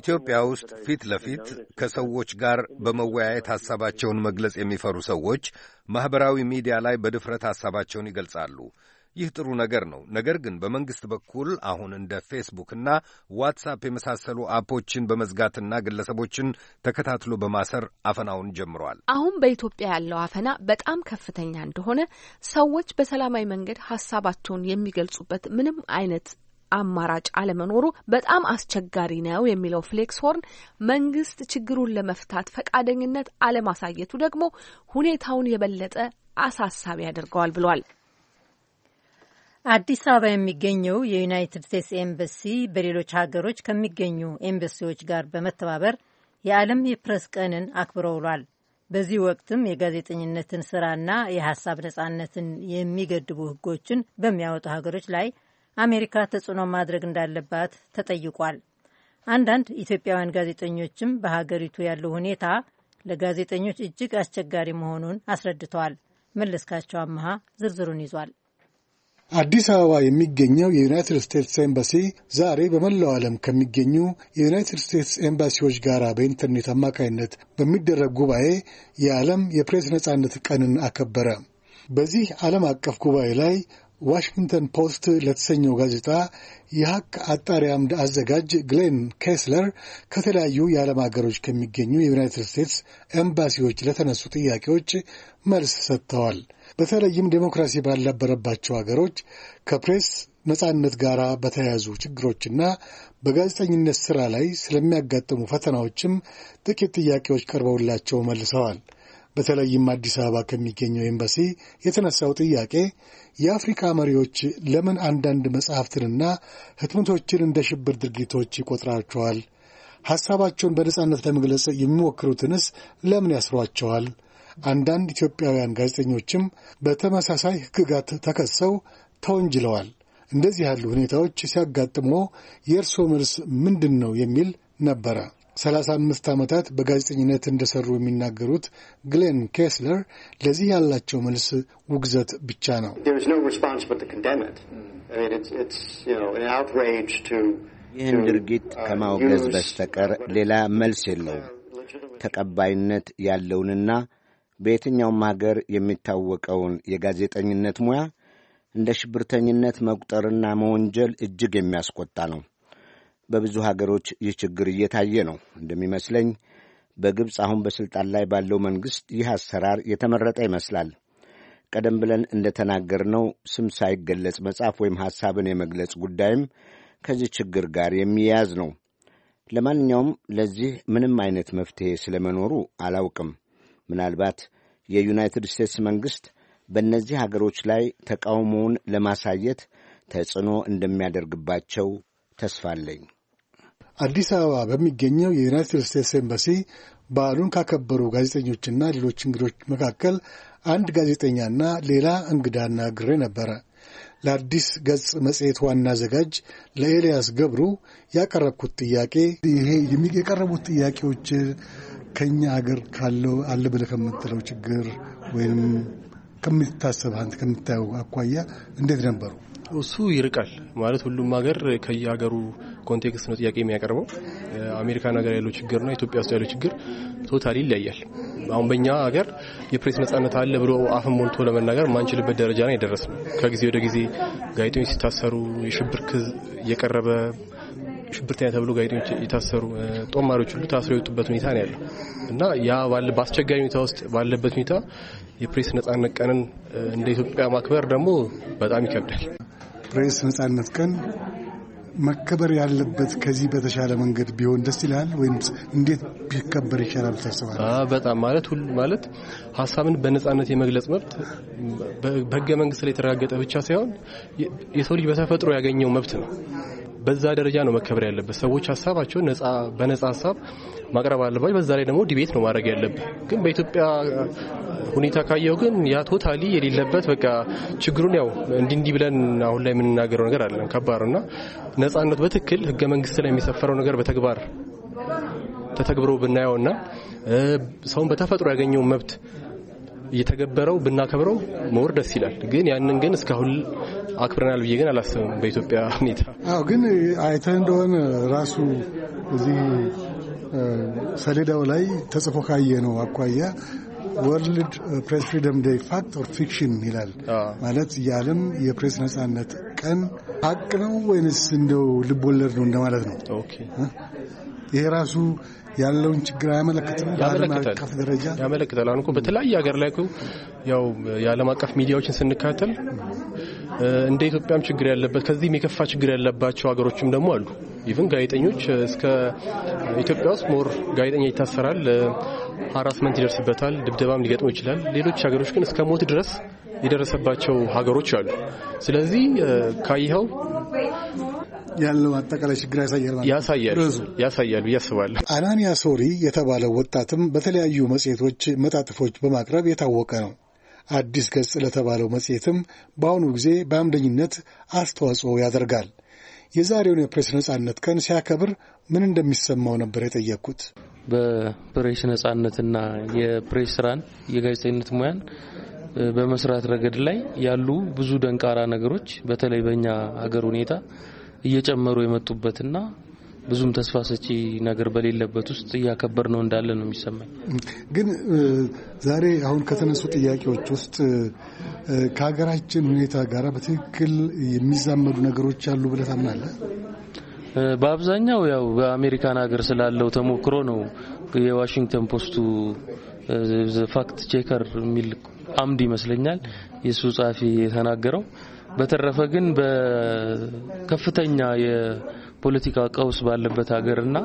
ኢትዮጵያ ውስጥ ፊት ለፊት ከሰዎች ጋር በመወያየት ሀሳባቸውን መግለጽ የሚፈሩ ሰዎች ማህበራዊ ሚዲያ ላይ በድፍረት ሀሳባቸውን ይገልጻሉ። ይህ ጥሩ ነገር ነው። ነገር ግን በመንግሥት በኩል አሁን እንደ ፌስቡክና ዋትሳፕ የመሳሰሉ አፖችን በመዝጋትና ግለሰቦችን ተከታትሎ በማሰር አፈናውን ጀምረዋል። አሁን በኢትዮጵያ ያለው አፈና በጣም ከፍተኛ እንደሆነ ሰዎች በሰላማዊ መንገድ ሀሳባቸውን የሚገልጹበት ምንም አይነት አማራጭ አለመኖሩ በጣም አስቸጋሪ ነው የሚለው ፍሌክስሆርን መንግስት ችግሩን ለመፍታት ፈቃደኝነት አለማሳየቱ ደግሞ ሁኔታውን የበለጠ አሳሳቢ ያደርገዋል ብሏል። አዲስ አበባ የሚገኘው የዩናይትድ ስቴትስ ኤምበሲ በሌሎች ሀገሮች ከሚገኙ ኤምበሲዎች ጋር በመተባበር የዓለም የፕረስ ቀንን አክብሮ ውሏል። በዚህ ወቅትም የጋዜጠኝነትን ስራና የሀሳብ ነጻነትን የሚገድቡ ህጎችን በሚያወጡ ሀገሮች ላይ አሜሪካ ተጽዕኖ ማድረግ እንዳለባት ተጠይቋል። አንዳንድ ኢትዮጵያውያን ጋዜጠኞችም በሀገሪቱ ያለው ሁኔታ ለጋዜጠኞች እጅግ አስቸጋሪ መሆኑን አስረድተዋል። መለስካቸው አመሃ ዝርዝሩን ይዟል። አዲስ አበባ የሚገኘው የዩናይትድ ስቴትስ ኤምባሲ ዛሬ በመላው ዓለም ከሚገኙ የዩናይትድ ስቴትስ ኤምባሲዎች ጋር በኢንተርኔት አማካኝነት በሚደረግ ጉባኤ የዓለም የፕሬስ ነጻነት ቀንን አከበረ። በዚህ ዓለም አቀፍ ጉባኤ ላይ ዋሽንግተን ፖስት ለተሰኘው ጋዜጣ የሐቅ አጣሪ አምድ አዘጋጅ ግሌን ኬስለር ከተለያዩ የዓለም አገሮች ከሚገኙ የዩናይትድ ስቴትስ ኤምባሲዎች ለተነሱ ጥያቄዎች መልስ ሰጥተዋል። በተለይም ዴሞክራሲ ባልነበረባቸው ሀገሮች ከፕሬስ ነጻነት ጋር በተያያዙ ችግሮችና በጋዜጠኝነት ሥራ ላይ ስለሚያጋጥሙ ፈተናዎችም ጥቂት ጥያቄዎች ቀርበውላቸው መልሰዋል። በተለይም አዲስ አበባ ከሚገኘው ኤምባሲ የተነሳው ጥያቄ የአፍሪካ መሪዎች ለምን አንዳንድ መጽሐፍትንና ህትመቶችን እንደ ሽብር ድርጊቶች ይቆጥራቸዋል? ሐሳባቸውን በነጻነት ለመግለጽ የሚሞክሩትንስ ለምን ያስሯቸዋል? አንዳንድ ኢትዮጵያውያን ጋዜጠኞችም በተመሳሳይ ሕግጋት ተከሰው ተወንጅለዋል። እንደዚህ ያሉ ሁኔታዎች ሲያጋጥሞ የእርስዎ መልስ ምንድን ነው የሚል ነበረ። ሰላሳ አምስት ዓመታት በጋዜጠኝነት እንደሰሩ የሚናገሩት ግሌን ኬስለር ለዚህ ያላቸው መልስ ውግዘት ብቻ ነው። ይህን ድርጊት uh, ከማውገዝ በስተቀር ሌላ መልስ የለውም። ተቀባይነት ያለውንና በየትኛውም ሀገር የሚታወቀውን የጋዜጠኝነት ሙያ እንደ ሽብርተኝነት መቁጠርና መወንጀል እጅግ የሚያስቆጣ ነው። በብዙ ሀገሮች ይህ ችግር እየታየ ነው። እንደሚመስለኝ በግብፅ አሁን በሥልጣን ላይ ባለው መንግሥት ይህ አሰራር የተመረጠ ይመስላል። ቀደም ብለን ነው ስም ሳይገለጽ መጻፍ ወይም ሐሳብን የመግለጽ ጉዳይም ከዚህ ችግር ጋር የሚያያዝ ነው። ለማንኛውም ለዚህ ምንም አይነት መፍትሔ ስለመኖሩ አላውቅም። ምናልባት የዩናይትድ ስቴትስ መንግሥት በእነዚህ አገሮች ላይ ተቃውሞውን ለማሳየት ተጽዕኖ እንደሚያደርግባቸው ተስፋለኝ። አዲስ አበባ በሚገኘው የዩናይትድ ስቴትስ ኤምባሲ በዓሉን ካከበሩ ጋዜጠኞችና ሌሎች እንግዶች መካከል አንድ ጋዜጠኛና ሌላ እንግዳ አናግሬ ነበረ። ለአዲስ ገጽ መጽሔት ዋና አዘጋጅ ለኤልያስ ገብሩ ያቀረብኩት ጥያቄ ይሄ የቀረቡት ጥያቄዎች ከኛ ሀገር ካለው አለ ብለህ ከምትለው ችግር ወይም ከሚታሰብ አንተ ከምታየው አኳያ እንዴት ነበሩ? እሱ ይርቃል ማለት ሁሉም ሀገር ከየሀገሩ ኮንቴክስት ነው ጥያቄ የሚያቀርበው። አሜሪካን ሀገር ያለው ችግርና ኢትዮጵያ ውስጥ ያለው ችግር ቶታሊ ይለያያል። አሁን በእኛ ሀገር የፕሬስ ነጻነት አለ ብሎ አፍን ሞልቶ ለመናገር ማንችልበት ደረጃ ላይ የደረስነው። ከጊዜ ወደ ጊዜ ጋዜጠኞች ሲታሰሩ፣ የሽብር ክስ እየቀረበ ሽብርተኛ ተብሎ ጋዜጠኞች የታሰሩ ጦማሪዎች ሁሉ ታስረው የወጡበት ሁኔታ ነው ያለው እና ያ በአስቸጋሪ ሁኔታ ውስጥ ባለበት ሁኔታ የፕሬስ ነጻነት ቀንን እንደ ኢትዮጵያ ማክበር ደግሞ በጣም ይከብዳል። ፕሬስ ነጻነት ቀን መከበር ያለበት ከዚህ በተሻለ መንገድ ቢሆን ደስ ይላል ወይም እንዴት ቢከበር ይሻላል ታስባል? በጣም ማለት ሁሉ ማለት ሀሳብን በነጻነት የመግለጽ መብት በህገ መንግስት ላይ የተረጋገጠ ብቻ ሳይሆን የሰው ልጅ በተፈጥሮ ያገኘው መብት ነው። በዛ ደረጃ ነው መከበር ያለበት። ሰዎች ሀሳባቸውን በነጻ ሀሳብ ማቅረብ አለባቸው። በዛ ላይ ደግሞ ዲቤት ነው ማድረግ ያለብን። ግን በኢትዮጵያ ሁኔታ ካየው ግን ያ ቶታሊ የሌለበት በቃ ችግሩን ያው እንድንዲ ብለን አሁን ላይ የምንናገረው ነገር አለን ከባድ እና ነጻነቱ በትክክል ህገ መንግስት ላይ የሚሰፈረው ነገር በተግባር ተተግብሮ ብናየውና ሰውን በተፈጥሮ ያገኘውን መብት እየተገበረው ብናከብረው መወር ደስ ይላል። ግን ያንን ግን እስካሁን አክብረናል ብዬ ግን አላስብም በኢትዮጵያ ሁኔታ። አዎ ግን አይተህ እንደሆነ ራሱ እዚህ ሰሌዳው ላይ ተጽፎ ካየ ነው አኳያ ወርልድ ፕሬስ ፍሪደም ዴይ ፋክት ኦር ፊክሽን ይላል። ማለት የዓለም የፕሬስ ነጻነት ቀን ሀቅ ነው ወይንስ እንደው ልብ ወለድ ነው እንደማለት ነው። ይሄ ራሱ ያለውን ችግር አያመለክትም። በዓለም አቀፍ ደረጃ ያመለክታል። አሁን እኮ በተለያየ ሀገር ላይ ያው የዓለም አቀፍ ሚዲያዎችን ስንካተል እንደ ኢትዮጵያም ችግር ያለበት ከዚህም የከፋ ችግር ያለባቸው ሀገሮችም ደግሞ አሉ። ኢቭን ጋዜጠኞች እስከ ኢትዮጵያ ውስጥ ሞር ጋዜጠኛ ይታሰራል፣ ሀራስመንት ይደርስበታል፣ ድብደባም ሊገጥሙ ይችላል። ሌሎች ሀገሮች ግን እስከ ሞት ድረስ የደረሰባቸው ሀገሮች አሉ። ስለዚህ ካይኸው ያለው አጠቃላይ ችግር ያሳያል ያሳያል ብዬ አስባለሁ። አናንያ ሶሪ የተባለው ወጣትም በተለያዩ መጽሔቶች መጣጥፎች በማቅረብ የታወቀ ነው። አዲስ ገጽ ለተባለው መጽሔትም በአሁኑ ጊዜ በአምደኝነት አስተዋጽኦ ያደርጋል። የዛሬውን የፕሬስ ነጻነት ቀን ሲያከብር ምን እንደሚሰማው ነበር የጠየቅኩት። በፕሬስ ነጻነትና የፕሬስ ስራን የጋዜጠኝነት ሙያን በመስራት ረገድ ላይ ያሉ ብዙ ደንቃራ ነገሮች በተለይ በእኛ ሀገር ሁኔታ እየጨመሩ የመጡበትና ብዙም ተስፋ ሰጪ ነገር በሌለበት ውስጥ እያከበር ነው እንዳለ ነው የሚሰማኝ። ግን ዛሬ አሁን ከተነሱ ጥያቄዎች ውስጥ ከሀገራችን ሁኔታ ጋር በትክክል የሚዛመዱ ነገሮች አሉ ብለህ ታምናለህ? በአብዛኛው ያው በአሜሪካን ሀገር ስላለው ተሞክሮ ነው የዋሽንግተን ፖስቱ ፋክት ቼከር የሚል አምድ ይመስለኛል የእሱ ጸሐፊ የተናገረው በተረፈ ግን በከፍተኛ የፖለቲካ ቀውስ ባለበት ሀገርና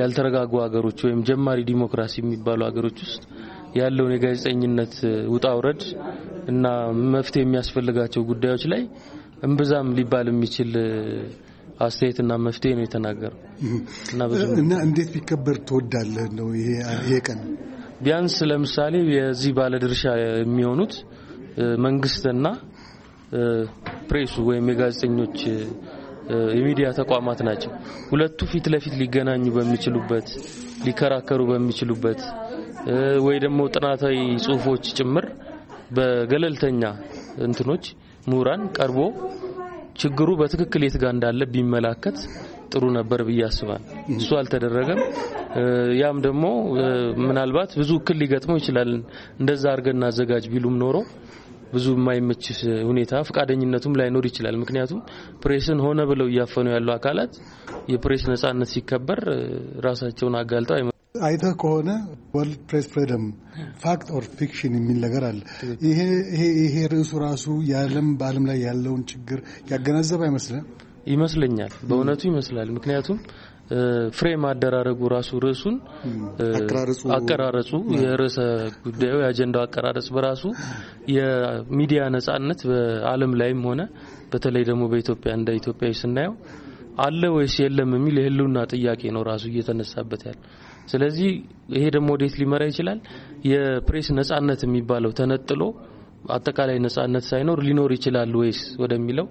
ያልተረጋጉ ሀገሮች ወይም ጀማሪ ዲሞክራሲ የሚባሉ ሀገሮች ውስጥ ያለውን የጋዜጠኝነት ውጣ ውረድ እና መፍትሄ የሚያስፈልጋቸው ጉዳዮች ላይ እምብዛም ሊባል የሚችል አስተያየትና መፍትሄ ነው የተናገረው እና እንዴት ቢከበር ትወዳለህ ነው ይሄ ቀን ቢያንስ ለምሳሌ የዚህ ባለድርሻ የሚሆኑት መንግስትና ፕሬሱ ወይም የጋዜጠኞች የሚዲያ ተቋማት ናቸው። ሁለቱ ፊት ለፊት ሊገናኙ በሚችሉበት ሊከራከሩ በሚችሉበት ወይ ደግሞ ጥናታዊ ጽሁፎች ጭምር በገለልተኛ እንትኖች ምሁራን ቀርቦ ችግሩ በትክክል የት ጋር እንዳለ ቢመላከት ጥሩ ነበር ብዬ አስባል። እሱ አልተደረገም። ያም ደግሞ ምናልባት ብዙ እክል ሊገጥመው ይችላል። እንደዛ አድርገን እናዘጋጅ ቢሉም ኖሮ ብዙ የማይመች ሁኔታ ፈቃደኝነቱም ላይኖር ይችላል። ምክንያቱም ፕሬስን ሆነ ብለው እያፈኑ ያሉ አካላት የፕሬስ ነጻነት ሲከበር ራሳቸውን አጋልጠው አይመ አይተህ ከሆነ ወርልድ ፕሬስ ፍሪደም ፋክት ኦር ፊክሽን የሚል ነገር አለ። ይሄ ርዕሱ ራሱ የዓለም በዓለም ላይ ያለውን ችግር ያገናዘበ አይመስልም? ይመስለኛል፣ በእውነቱ ይመስላል። ምክንያቱም ፍሬም አደራረጉ ራሱ ርዕሱን አቀራረጹ የርዕሰ ጉዳዩ የአጀንዳው አቀራረጽ በራሱ የሚዲያ ነጻነት በዓለም ላይም ሆነ በተለይ ደግሞ በኢትዮጵያ እንደ ኢትዮጵያዊ ስናየው አለ ወይስ የለም የሚል የህልውና ጥያቄ ነው ራሱ እየተነሳበት ያለ። ስለዚህ ይሄ ደግሞ ወዴት ሊመራ ይችላል? የፕሬስ ነጻነት የሚባለው ተነጥሎ አጠቃላይ ነጻነት ሳይኖር ሊኖር ይችላል ወይስ ወደሚለው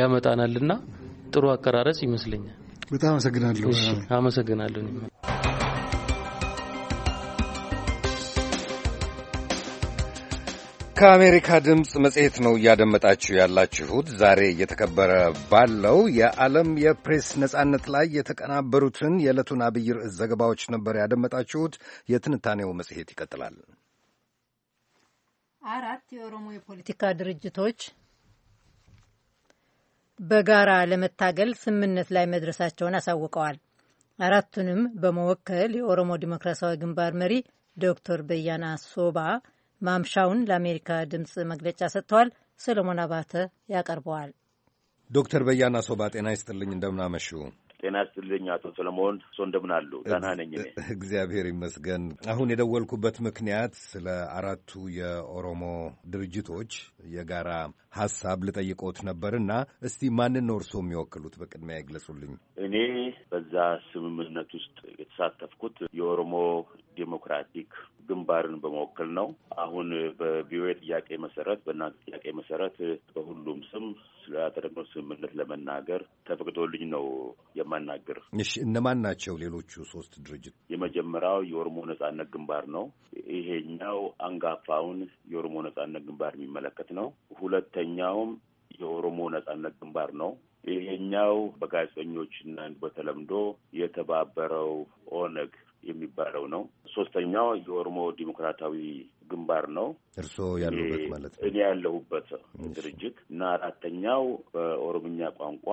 ያመጣናልና ጥሩ አቀራረጽ ይመስለኛል። በጣም አመሰግናለሁ። አመሰግናለሁ። ከአሜሪካ ድምፅ መጽሔት ነው እያደመጣችሁ ያላችሁት። ዛሬ እየተከበረ ባለው የዓለም የፕሬስ ነጻነት ላይ የተቀናበሩትን የዕለቱን አብይ ርዕስ ዘገባዎች ነበር ያደመጣችሁት። የትንታኔው መጽሔት ይቀጥላል። አራት የኦሮሞ የፖለቲካ ድርጅቶች በጋራ ለመታገል ስምምነት ላይ መድረሳቸውን አሳውቀዋል። አራቱንም በመወከል የኦሮሞ ዲሞክራሲያዊ ግንባር መሪ ዶክተር በያና ሶባ ማምሻውን ለአሜሪካ ድምፅ መግለጫ ሰጥተዋል። ሰለሞን አባተ ያቀርበዋል። ዶክተር በያና ሶባ ጤና ይስጥልኝ፣ እንደምናመሹ። ጤና ይስጥልኝ አቶ ሰለሞን እሶ እንደምን አሉ? ደህና ነኝ እግዚአብሔር ይመስገን። አሁን የደወልኩበት ምክንያት ስለ አራቱ የኦሮሞ ድርጅቶች የጋራ ሀሳብ ልጠይቆት ነበርና እስቲ ማንን ነው እርስዎ የሚወክሉት? በቅድሚያ ይግለጹልኝ። እኔ በዛ ስምምነት ውስጥ የተሳተፍኩት የኦሮሞ ዴሞክራቲክ ግንባርን በመወክል ነው። አሁን በቪኦኤ ጥያቄ መሰረት፣ በእናንተ ጥያቄ መሰረት በሁሉም ስም ስለ ስምምነት ለመናገር ተፈቅዶልኝ ነው የማናገር። እሺ፣ እነማን ናቸው ሌሎቹ ሶስት ድርጅት? የመጀመሪያው የኦሮሞ ነጻነት ግንባር ነው። ይሄኛው አንጋፋውን የኦሮሞ ነጻነት ግንባር የሚመለከት ነው። ሁለተ ሁለተኛውም የኦሮሞ ነጻነት ግንባር ነው። ይሄኛው በጋዜጠኞችና በተለምዶ የተባበረው ኦነግ የሚባለው ነው። ሶስተኛው የኦሮሞ ዲሞክራታዊ ግንባር ነው። እርስዎ ያሉበት ማለት ነው። እኔ ያለሁበት ድርጅት እና አራተኛው በኦሮምኛ ቋንቋ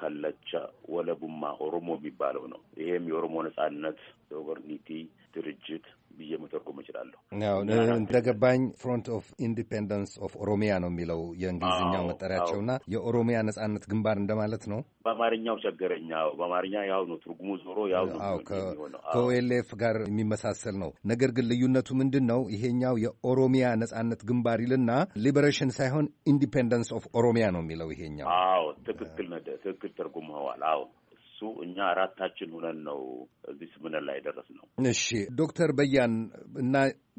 ከለቻ ወለቡማ ኦሮሞ የሚባለው ነው። ይሄም የኦሮሞ ነጻነት የኦቨርኒቲ ድርጅት ብዬ መተርጎም እችላለሁ። እንደገባኝ ፍሮንት ኦፍ ኢንዲፔንደንስ ኦፍ ኦሮሚያ ነው የሚለው የእንግሊዝኛው መጠሪያቸውና የኦሮሚያ ነጻነት ግንባር እንደማለት ነው። በአማርኛው ቸገረኛ። በአማርኛ ያው ነው ትርጉሙ፣ ዞሮ ያው ነው ከኦኤልኤፍ ጋር የሚመሳሰል ነው። ነገር ግን ልዩነቱ ምንድን ነው? ይሄኛው የኦሮሚያ ነጻነት ግንባር ይልና ሊበሬሽን ሳይሆን ኢንዲፔንደንስ ኦፍ ኦሮሚያ ነው የሚለው ይሄኛው። አዎ ትክክል ትክክል ተርጉመዋል። አዎ እሱ እኛ አራታችን ሁነን ነው እዚህ ስምምነት ላይ ደረስ ነው። እሺ ዶክተር በያን እና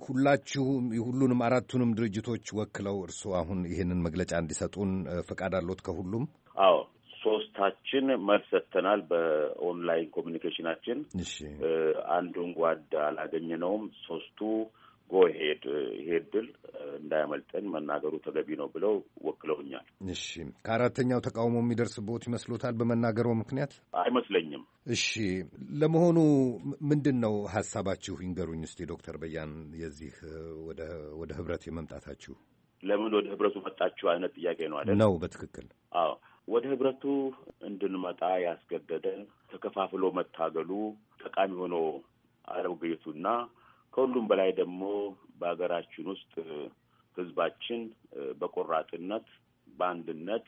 ሁላችሁም ሁሉንም አራቱንም ድርጅቶች ወክለው እርስዎ አሁን ይህንን መግለጫ እንዲሰጡን ፈቃድ አሎት ከሁሉም? አዎ ሶስታችን መልስ ሰጥተናል። በኦንላይን ኮሚኒኬሽናችን አንዱን ጓድ አላገኘነውም። ሶስቱ ጎ ሄድ ይሄ ድል እንዳያመልጠን መናገሩ ተገቢ ነው ብለው ወክለውኛል። እሺ፣ ከአራተኛው ተቃውሞ የሚደርስቦት ይመስሎታል በመናገረው ምክንያት? አይመስለኝም። እሺ፣ ለመሆኑ ምንድን ነው ሀሳባችሁ ይንገሩኝ እስቲ ዶክተር በያን የዚህ ወደ ህብረት የመምጣታችሁ ለምን ወደ ህብረቱ መጣችሁ አይነት ጥያቄ ነው አይደል? ነው በትክክል አዎ። ወደ ህብረቱ እንድንመጣ ያስገደደ ተከፋፍሎ መታገሉ ጠቃሚ ሆኖ አለመገኘቱና ከሁሉም በላይ ደግሞ በሀገራችን ውስጥ ህዝባችን በቆራጥነት በአንድነት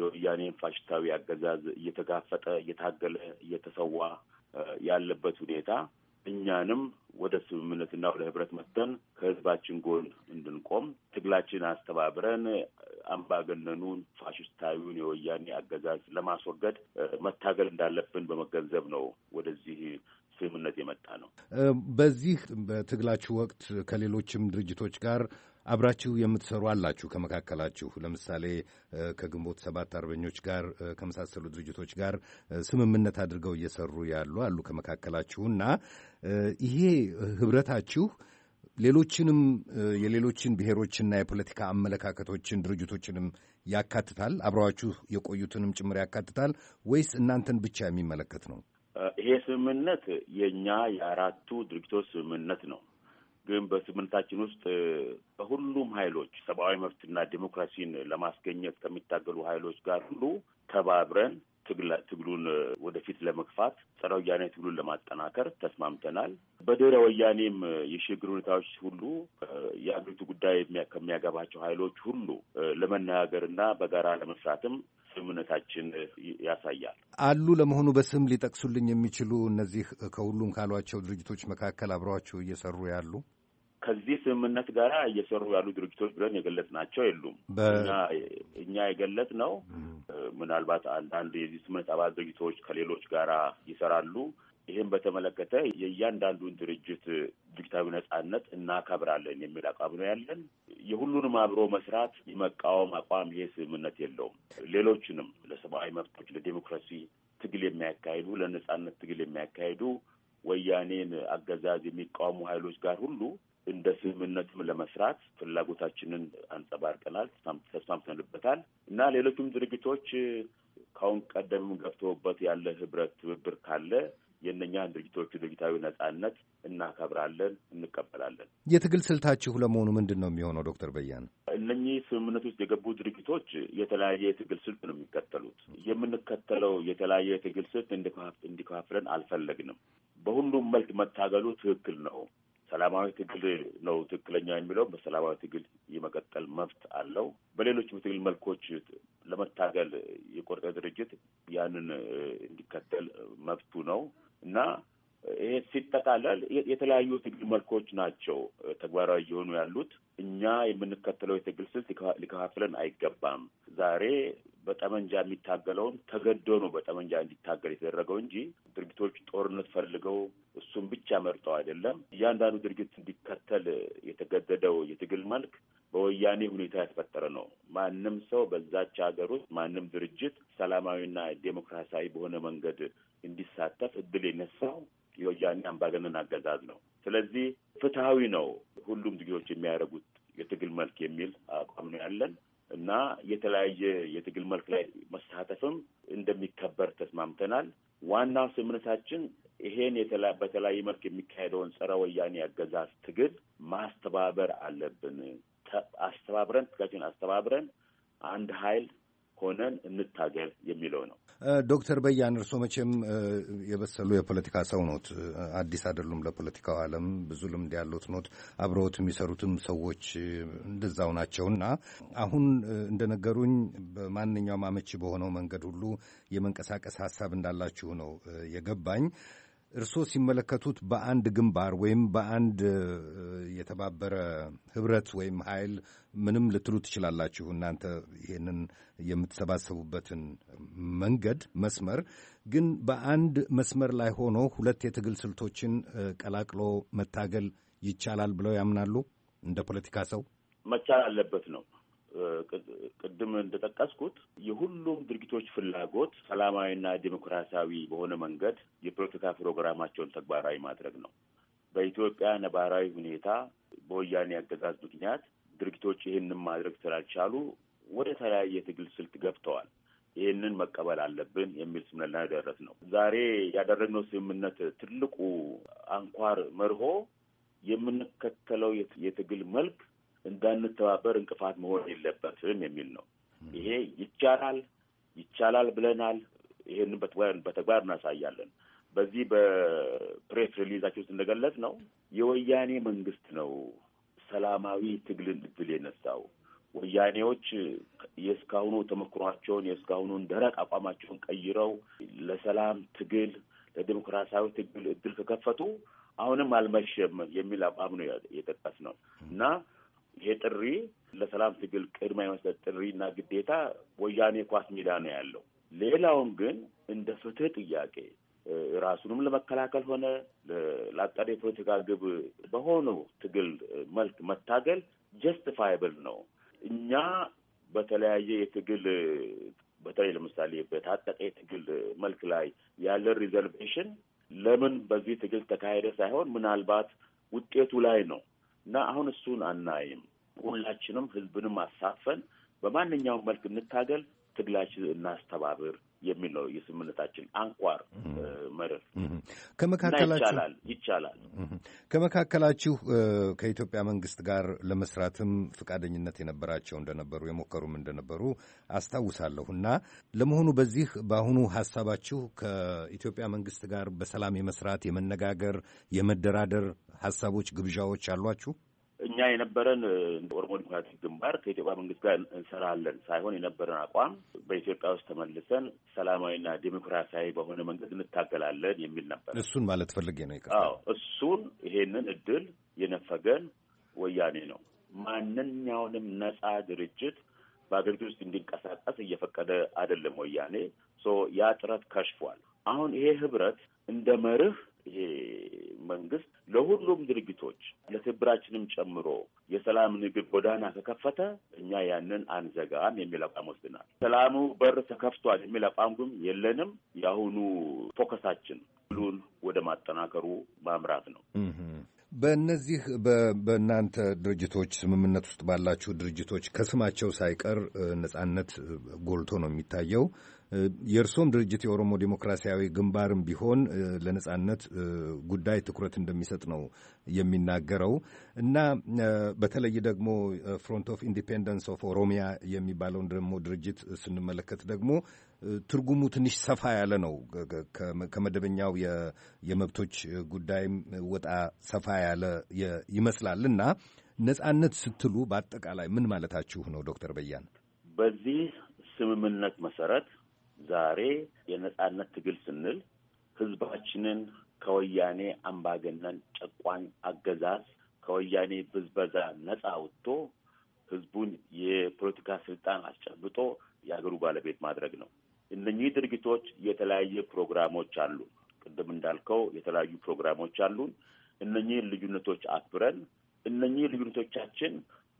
የወያኔን ፋሽስታዊ አገዛዝ እየተጋፈጠ እየታገለ እየተሰዋ ያለበት ሁኔታ እኛንም ወደ ስምምነትና ወደ ህብረት መጥተን ከህዝባችን ጎን እንድንቆም ትግላችን አስተባብረን አምባገነኑን ፋሽስታዊውን የወያኔ አገዛዝ ለማስወገድ መታገል እንዳለብን በመገንዘብ ነው ወደዚህ ስምምነት የመጣ ነው። በዚህ በትግላችሁ ወቅት ከሌሎችም ድርጅቶች ጋር አብራችሁ የምትሰሩ አላችሁ። ከመካከላችሁ ለምሳሌ ከግንቦት ሰባት አርበኞች ጋር ከመሳሰሉ ድርጅቶች ጋር ስምምነት አድርገው እየሰሩ ያሉ አሉ ከመካከላችሁና ይሄ ህብረታችሁ ሌሎችንም የሌሎችን ብሔሮችና የፖለቲካ አመለካከቶችን ድርጅቶችንም ያካትታል? አብረዋችሁ የቆዩትንም ጭምር ያካትታል ወይስ እናንተን ብቻ የሚመለከት ነው? ይሄ ስምምነት የእኛ የአራቱ ድርጅቶች ስምምነት ነው። ግን በስምምነታችን ውስጥ በሁሉም ኃይሎች ሰብአዊ መብትና ዲሞክራሲን ለማስገኘት ከሚታገሉ ኃይሎች ጋር ሁሉ ተባብረን ትግሉን ወደፊት ለመግፋት ጸረ ወያኔ ትግሉን ለማጠናከር ተስማምተናል። በድህረ ወያኔም የሽግግር ሁኔታዎች ሁሉ የአገሪቱ ጉዳይ ከሚያገባቸው ኃይሎች ሁሉ ለመነጋገርና በጋራ ለመስራትም ስምምነታችን ያሳያል አሉ። ለመሆኑ በስም ሊጠቅሱልኝ የሚችሉ እነዚህ ከሁሉም ካሏቸው ድርጅቶች መካከል አብረዋቸው እየሰሩ ያሉ ከዚህ ስምምነት ጋር እየሰሩ ያሉ ድርጅቶች ብለን የገለጽናቸው የሉም። እኛ የገለጽነው ምናልባት አንዳንድ የዚህ ስምምነት አባል ድርጅቶች ከሌሎች ጋራ ይሰራሉ ይህም በተመለከተ የእያንዳንዱን ድርጅት ድርጅታዊ ነጻነት እናከብራለን የሚል አቋም ነው ያለን። የሁሉንም አብሮ መስራት የመቃወም አቋም ይሄ ስምምነት የለውም። ሌሎችንም ለሰብአዊ መብቶች፣ ለዲሞክራሲ ትግል የሚያካሂዱ ለነጻነት ትግል የሚያካሂዱ ወያኔን አገዛዝ የሚቃወሙ ኃይሎች ጋር ሁሉ እንደ ስምምነትም ለመስራት ፍላጎታችንን አንጸባርቀናል፣ ተስማምተንበታል እና ሌሎቹም ድርጅቶች ከአሁን ቀደምም ገብተውበት ያለ ህብረት ትብብር ካለ የእነኛን ድርጅቶቹ ድርጅታዊ ነጻነት እናከብራለን፣ እንቀበላለን። የትግል ስልታችሁ ለመሆኑ ምንድን ነው የሚሆነው? ዶክተር በያን እነኚህ ስምምነት ውስጥ የገቡ ድርጅቶች የተለያየ የትግል ስልት ነው የሚከተሉት። የምንከተለው የተለያየ የትግል ስልት እንዲከፋፍለን አልፈለግንም። በሁሉም መልክ መታገሉ ትክክል ነው። ሰላማዊ ትግል ነው ትክክለኛ የሚለው በሰላማዊ ትግል የመቀጠል መብት አለው። በሌሎች ትግል መልኮች ለመታገል የቆረጠ ድርጅት ያንን እንዲከተል መብቱ ነው። እና ይሄ ሲጠቃለል የተለያዩ ትግል መልኮች ናቸው ተግባራዊ እየሆኑ ያሉት። እኛ የምንከተለው የትግል ስልት ሊከፋፍለን አይገባም። ዛሬ በጠመንጃ የሚታገለውን ተገዶ ነው በጠመንጃ እንዲታገል የተደረገው እንጂ ድርጊቶች ጦርነት ፈልገው እሱም ብቻ መርጠው አይደለም። እያንዳንዱ ድርጊት እንዲከተል የተገደደው የትግል መልክ በወያኔ ሁኔታ ያስፈጠረ ነው። ማንም ሰው በዛች ሀገር ውስጥ ማንም ድርጅት ሰላማዊና ዴሞክራሲያዊ በሆነ መንገድ እንዲሳተፍ እድል የነሳው የወያኔ አምባገነን አገዛዝ ነው። ስለዚህ ፍትሐዊ ነው ሁሉም ድጌዎች የሚያደርጉት የትግል መልክ የሚል አቋም ነው ያለን እና የተለያየ የትግል መልክ ላይ መሳተፍም እንደሚከበር ተስማምተናል። ዋናው ስምነታችን ይሄን በተለያየ መልክ የሚካሄደውን ጸረ ወያኔ አገዛዝ ትግል ማስተባበር አለብን። አስተባብረን ትጋችን አስተባብረን አንድ ኃይል ሆነን እንታገል የሚለው ነው። ዶክተር በያን እርስዎ መቼም የበሰሉ የፖለቲካ ሰው ኖት፣ አዲስ አይደሉም ለፖለቲካው ዓለም ብዙ ልምድ ያሉት ኖት። አብረውት የሚሰሩትም ሰዎች እንደዛው እና አሁን እንደነገሩኝ በማንኛውም አመቺ በሆነው መንገድ ሁሉ የመንቀሳቀስ ሀሳብ እንዳላችሁ ነው የገባኝ። እርስዎ ሲመለከቱት በአንድ ግንባር ወይም በአንድ የተባበረ ህብረት ወይም ኃይል ምንም ልትሉ ትችላላችሁ። እናንተ ይህንን የምትሰባሰቡበትን መንገድ መስመር ግን በአንድ መስመር ላይ ሆኖ ሁለት የትግል ስልቶችን ቀላቅሎ መታገል ይቻላል ብለው ያምናሉ? እንደ ፖለቲካ ሰው መቻል አለበት ነው ቅድም እንደጠቀስኩት የሁሉም ድርጊቶች ፍላጎት ሰላማዊና ዲሞክራሲያዊ በሆነ መንገድ የፖለቲካ ፕሮግራማቸውን ተግባራዊ ማድረግ ነው። በኢትዮጵያ ነባራዊ ሁኔታ በወያኔ አገዛዝ ምክንያት ድርጊቶች ይህንን ማድረግ ስላልቻሉ ወደ ተለያየ ትግል ስልት ገብተዋል። ይህንን መቀበል አለብን የሚል ስምምነት ላይ ደረስ ነው። ዛሬ ያደረግነው ስምምነት ትልቁ አንኳር መርሆ የምንከተለው የትግል መልክ እንዳንተባበር እንቅፋት መሆን የለበትም የሚል ነው። ይሄ ይቻላል ይቻላል ብለናል። ይሄንን በተግባር እናሳያለን። በዚህ በፕሬስ ሪሊዛችን ውስጥ እንደገለጽ ነው የወያኔ መንግስት ነው ሰላማዊ ትግልን እድል የነሳው። ወያኔዎች የእስካሁኑ ተሞክሯቸውን የእስካሁኑን ደረቅ አቋማቸውን ቀይረው ለሰላም ትግል ለዲሞክራሲያዊ ትግል እድል ከከፈቱ አሁንም አልመሸም የሚል አቋም ነው የጠቀስ ነው እና ይሄ ጥሪ ለሰላም ትግል ቅድማ የመስጠት ጥሪና ግዴታ ወያኔ ኳስ ሜዳ ነው ያለው። ሌላውን ግን እንደ ፍትህ ጥያቄ ራሱንም ለመከላከል ሆነ ለአጣሪ የፖለቲካ ግብ በሆኑ ትግል መልክ መታገል ጀስቲፋይብል ነው። እኛ በተለያየ የትግል በተለይ ለምሳሌ በታጠቀ የትግል መልክ ላይ ያለ ሪዘርቬሽን ለምን በዚህ ትግል ተካሄደ ሳይሆን ምናልባት ውጤቱ ላይ ነው እና አሁን እሱን አናይም። ሁላችንም ህዝብንም አሳትፈን በማንኛውም መልክ እንታገል፣ ትግላችን እናስተባብር የሚል ነው የስምምነታችን አንኳር መርህ። ከመካከላችሁ ይቻላል ከመካከላችሁ ከኢትዮጵያ መንግስት ጋር ለመስራትም ፈቃደኝነት የነበራቸው እንደነበሩ የሞከሩም እንደነበሩ አስታውሳለሁ እና ለመሆኑ በዚህ በአሁኑ ሀሳባችሁ ከኢትዮጵያ መንግስት ጋር በሰላም የመስራት የመነጋገር፣ የመደራደር ሀሳቦች፣ ግብዣዎች አሏችሁ? እኛ የነበረን ኦሮሞ ዲሞክራቲክ ግንባር ከኢትዮጵያ መንግስት ጋር እንሰራለን ሳይሆን የነበረን አቋም በኢትዮጵያ ውስጥ ተመልሰን ሰላማዊና ዲሞክራሲያዊ በሆነ መንገድ እንታገላለን የሚል ነበር። እሱን ማለት ፈልጌ ነው። አዎ እሱን ይሄንን እድል የነፈገን ወያኔ ነው። ማንኛውንም ነጻ ድርጅት በአገሪቱ ውስጥ እንዲንቀሳቀስ እየፈቀደ አይደለም ወያኔ። ያ ጥረት ከሽፏል። አሁን ይሄ ህብረት እንደ መርህ ይሄ መንግስት ለሁሉም ድርጊቶች ለትብራችንም ጨምሮ የሰላም ንግግር ጎዳና ተከፈተ፣ እኛ ያንን አንዘጋም የሚል አቋም ወስድናል። ሰላሙ በር ተከፍቷል የሚል አቋም ግን የለንም። የአሁኑ ፎከሳችን ሁሉን ወደ ማጠናከሩ ማምራት ነው። በእነዚህ በእናንተ ድርጅቶች ስምምነት ውስጥ ባላችሁ ድርጅቶች ከስማቸው ሳይቀር ነጻነት ጎልቶ ነው የሚታየው። የእርሶም ድርጅት የኦሮሞ ዴሞክራሲያዊ ግንባርም ቢሆን ለነጻነት ጉዳይ ትኩረት እንደሚሰጥ ነው የሚናገረው እና በተለይ ደግሞ ፍሮንት ኦፍ ኢንዲፔንደንስ ኦፍ ኦሮሚያ የሚባለውን ደግሞ ድርጅት ስንመለከት ደግሞ ትርጉሙ ትንሽ ሰፋ ያለ ነው። ከመደበኛው የመብቶች ጉዳይም ወጣ ሰፋ ያለ ይመስላል እና ነጻነት ስትሉ በአጠቃላይ ምን ማለታችሁ ነው ዶክተር በያን? በዚህ ስምምነት መሰረት ዛሬ የነጻነት ትግል ስንል ህዝባችንን ከወያኔ አምባገነን ጨቋኝ አገዛዝ ከወያኔ ብዝበዛ ነጻ አውጥቶ ህዝቡን የፖለቲካ ስልጣን አስጨብጦ የሀገሩ ባለቤት ማድረግ ነው። እነኚህ ድርጊቶች የተለያየ ፕሮግራሞች አሉ። ቅድም እንዳልከው የተለያዩ ፕሮግራሞች አሉን። እነኚህን ልዩነቶች አክብረን እነኚህ ልዩነቶቻችን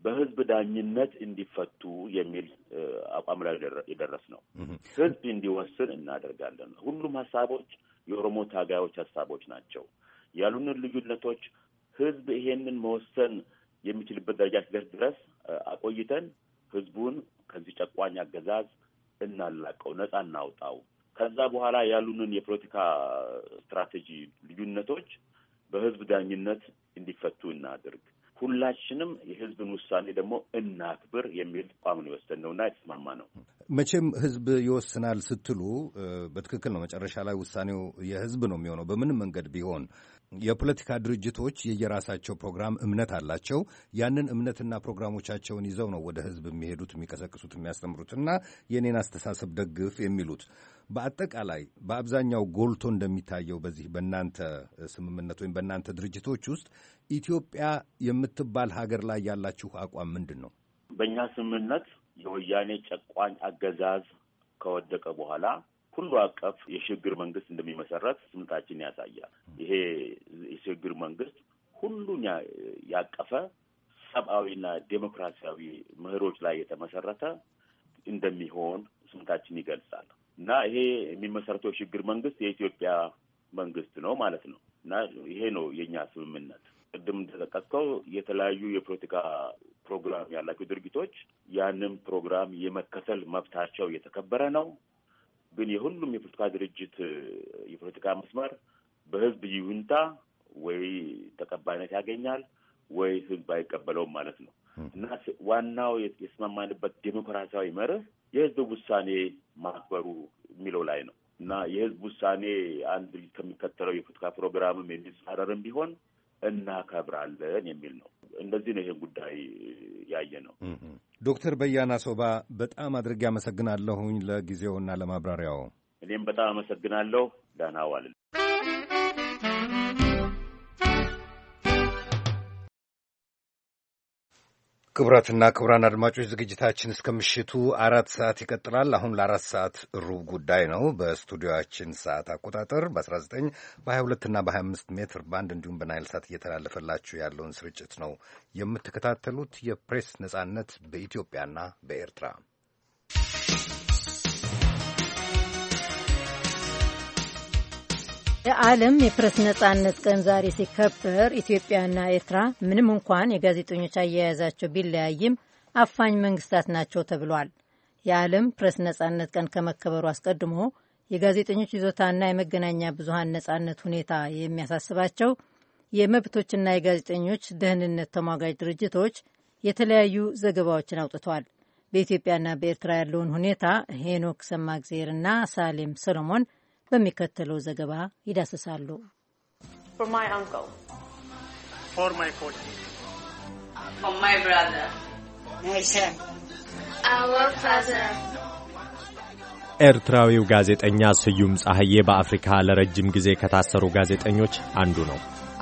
በህዝብ ዳኝነት እንዲፈቱ የሚል አቋም ላይ የደረስ ነው። ህዝብ እንዲወስን እናደርጋለን። ሁሉም ሀሳቦች የኦሮሞ ታጋዮች ሀሳቦች ናቸው። ያሉንን ልዩነቶች ህዝብ ይሄንን መወሰን የሚችልበት ደረጃ ሲደርስ ድረስ አቆይተን ህዝቡን ከዚህ ጨቋኝ አገዛዝ እናላቀው፣ ነጻ እናውጣው። ከዛ በኋላ ያሉንን የፖለቲካ ስትራቴጂ ልዩነቶች በህዝብ ዳኝነት እንዲፈቱ እናድርግ። ሁላችንም የህዝብን ውሳኔ ደግሞ እናክብር የሚል አቋም ነው የወሰንነውና የተስማማ ነው። መቼም ህዝብ ይወስናል ስትሉ በትክክል ነው። መጨረሻ ላይ ውሳኔው የህዝብ ነው የሚሆነው በምንም መንገድ ቢሆን የፖለቲካ ድርጅቶች የየራሳቸው ፕሮግራም እምነት አላቸው። ያንን እምነትና ፕሮግራሞቻቸውን ይዘው ነው ወደ ህዝብ የሚሄዱት፣ የሚቀሰቅሱት፣ የሚያስተምሩትና የእኔን አስተሳሰብ ደግፍ የሚሉት በአጠቃላይ በአብዛኛው ጎልቶ እንደሚታየው በዚህ በእናንተ ስምምነት ወይም በእናንተ ድርጅቶች ውስጥ ኢትዮጵያ የምትባል ሀገር ላይ ያላችሁ አቋም ምንድን ነው? በእኛ ስምምነት የወያኔ ጨቋኝ አገዛዝ ከወደቀ በኋላ ሁሉ አቀፍ የሽግግር መንግስት እንደሚመሰረት ስምታችን ያሳያል። ይሄ የሽግግር መንግስት ሁሉን ያቀፈ ሰብአዊና ዴሞክራሲያዊ ምህሮች ላይ የተመሰረተ እንደሚሆን ስምታችን ይገልጻል እና ይሄ የሚመሰረተው የሽግግር መንግስት የኢትዮጵያ መንግስት ነው ማለት ነው እና ይሄ ነው የእኛ ስምምነት። ቅድም እንደተጠቀስከው የተለያዩ የፖለቲካ ፕሮግራም ያላቸው ድርጊቶች ያንም ፕሮግራም የመከተል መብታቸው የተከበረ ነው። ግን የሁሉም የፖለቲካ ድርጅት የፖለቲካ መስመር በህዝብ ይሁንታ ወይ ተቀባይነት ያገኛል ወይ ህዝብ አይቀበለውም ማለት ነው እና ዋናው የተስማማንበት ዴሞክራሲያዊ መርህ የህዝብ ውሳኔ ማክበሩ የሚለው ላይ ነው እና የህዝብ ውሳኔ አንድ ከሚከተለው የፖለቲካ ፕሮግራምም የሚጻረርም ቢሆን እናከብራለን የሚል ነው። እንደዚህ ነው ይሄን ጉዳይ ያየ ነው። ዶክተር በያና ሶባ በጣም አድርጌ አመሰግናለሁኝ ለጊዜውና ለማብራሪያው። እኔም በጣም አመሰግናለሁ። ደህና ክቡራትና ክቡራን አድማጮች ዝግጅታችን እስከ ምሽቱ አራት ሰዓት ይቀጥላል። አሁን ለአራት ሰዓት ሩብ ጉዳይ ነው። በስቱዲዮችን ሰዓት አቆጣጠር በ19 በ22 እና በ25 ሜትር ባንድ እንዲሁም በናይል ሳት እየተላለፈላችሁ ያለውን ስርጭት ነው የምትከታተሉት። የፕሬስ ነጻነት በኢትዮጵያና በኤርትራ የዓለም የፕሬስ ነጻነት ቀን ዛሬ ሲከበር ኢትዮጵያና ኤርትራ ምንም እንኳን የጋዜጠኞች አያያዛቸው ቢለያይም አፋኝ መንግስታት ናቸው ተብሏል። የዓለም ፕሬስ ነጻነት ቀን ከመከበሩ አስቀድሞ የጋዜጠኞች ይዞታና የመገናኛ ብዙሀን ነጻነት ሁኔታ የሚያሳስባቸው የመብቶችና የጋዜጠኞች ደህንነት ተሟጋጅ ድርጅቶች የተለያዩ ዘገባዎችን አውጥተዋል። በኢትዮጵያና በኤርትራ ያለውን ሁኔታ ሄኖክ ሰማግዜርና ሳሌም ሰሎሞን በሚከተለው ዘገባ ይዳስሳሉ። ኤርትራዊው ጋዜጠኛ ስዩም ጸሐዬ በአፍሪካ ለረጅም ጊዜ ከታሰሩ ጋዜጠኞች አንዱ ነው።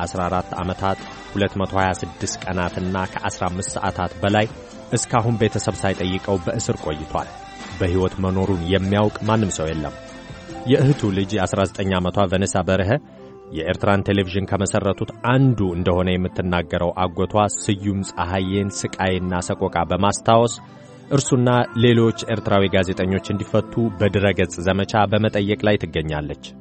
14 ዓመታት 226 ቀናትና ከ15 ሰዓታት በላይ እስካሁን ቤተሰብ ሳይጠይቀው በእስር ቆይቷል። በሕይወት መኖሩን የሚያውቅ ማንም ሰው የለም። የእህቱ ልጅ የ19 ዓመቷ ቨነሳ በረኸ የኤርትራን ቴሌቪዥን ከመሠረቱት አንዱ እንደሆነ የምትናገረው አጎቷ ስዩም ፀሐዬን ስቃይና ሰቆቃ በማስታወስ እርሱና ሌሎች ኤርትራዊ ጋዜጠኞች እንዲፈቱ በድረገጽ ዘመቻ በመጠየቅ ላይ ትገኛለች።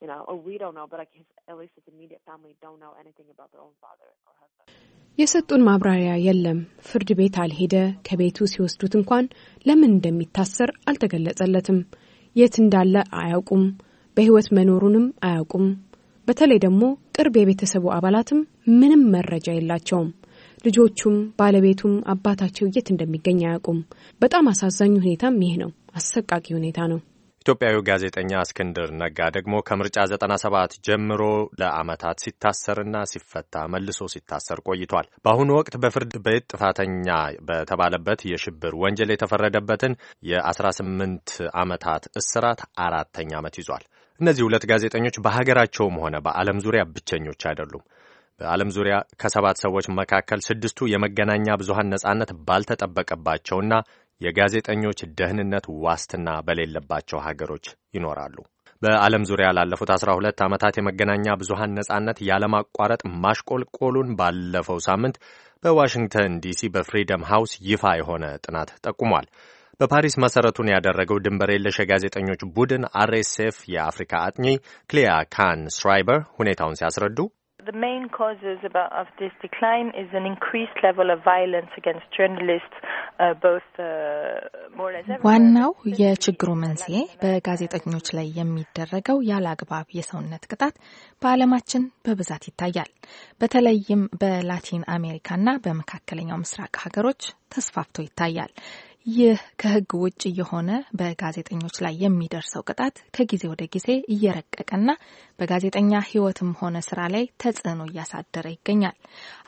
you know, or we don't know, but like his, at least his immediate family don't know anything about their own father or husband. የሰጡን ማብራሪያ የለም። ፍርድ ቤት አልሄደ። ከቤቱ ሲወስዱት እንኳን ለምን እንደሚታሰር አልተገለጸለትም። የት እንዳለ አያውቁም። በሕይወት መኖሩንም አያውቁም። በተለይ ደግሞ ቅርብ የቤተሰቡ አባላትም ምንም መረጃ የላቸውም። ልጆቹም ባለቤቱም አባታቸው የት እንደሚገኝ አያውቁም። በጣም አሳዛኝ ሁኔታም ይህ ነው። አሰቃቂ ሁኔታ ነው። ኢትዮጵያዊው ጋዜጠኛ እስክንድር ነጋ ደግሞ ከምርጫ 97 ጀምሮ ለዓመታት ሲታሰርና ሲፈታ መልሶ ሲታሰር ቆይቷል። በአሁኑ ወቅት በፍርድ ቤት ጥፋተኛ በተባለበት የሽብር ወንጀል የተፈረደበትን የ18 ዓመታት እስራት አራተኛ ዓመት ይዟል። እነዚህ ሁለት ጋዜጠኞች በሀገራቸውም ሆነ በዓለም ዙሪያ ብቸኞች አይደሉም። በዓለም ዙሪያ ከሰባት ሰዎች መካከል ስድስቱ የመገናኛ ብዙሃን ነጻነት ባልተጠበቀባቸውና የጋዜጠኞች ደህንነት ዋስትና በሌለባቸው ሀገሮች ይኖራሉ። በዓለም ዙሪያ ላለፉት 12 ዓመታት የመገናኛ ብዙሃን ነጻነት ያለማቋረጥ ማሽቆልቆሉን ባለፈው ሳምንት በዋሽንግተን ዲሲ በፍሪደም ሃውስ ይፋ የሆነ ጥናት ጠቁሟል። በፓሪስ መሠረቱን ያደረገው ድንበር የለሽ የጋዜጠኞች ቡድን አርኤስኤፍ የአፍሪካ አጥኚ ክሊያ ካን ስራይበር ሁኔታውን ሲያስረዱ the main causes about, of this decline is an increased level of violence against journalists, uh, both uh, more or less. ዋናው የችግሩ መንስኤ በጋዜጠኞች ላይ የሚደረገው ያለ አግባብ የሰውነት ቅጣት በዓለማችን በብዛት ይታያል። በተለይም በላቲን አሜሪካና በመካከለኛው ምስራቅ ሀገሮች ተስፋፍቶ ይታያል። ይህ ከህግ ውጭ የሆነ በጋዜጠኞች ላይ የሚደርሰው ቅጣት ከጊዜ ወደ ጊዜ እየረቀቀና በጋዜጠኛ ህይወትም ሆነ ስራ ላይ ተጽዕኖ እያሳደረ ይገኛል።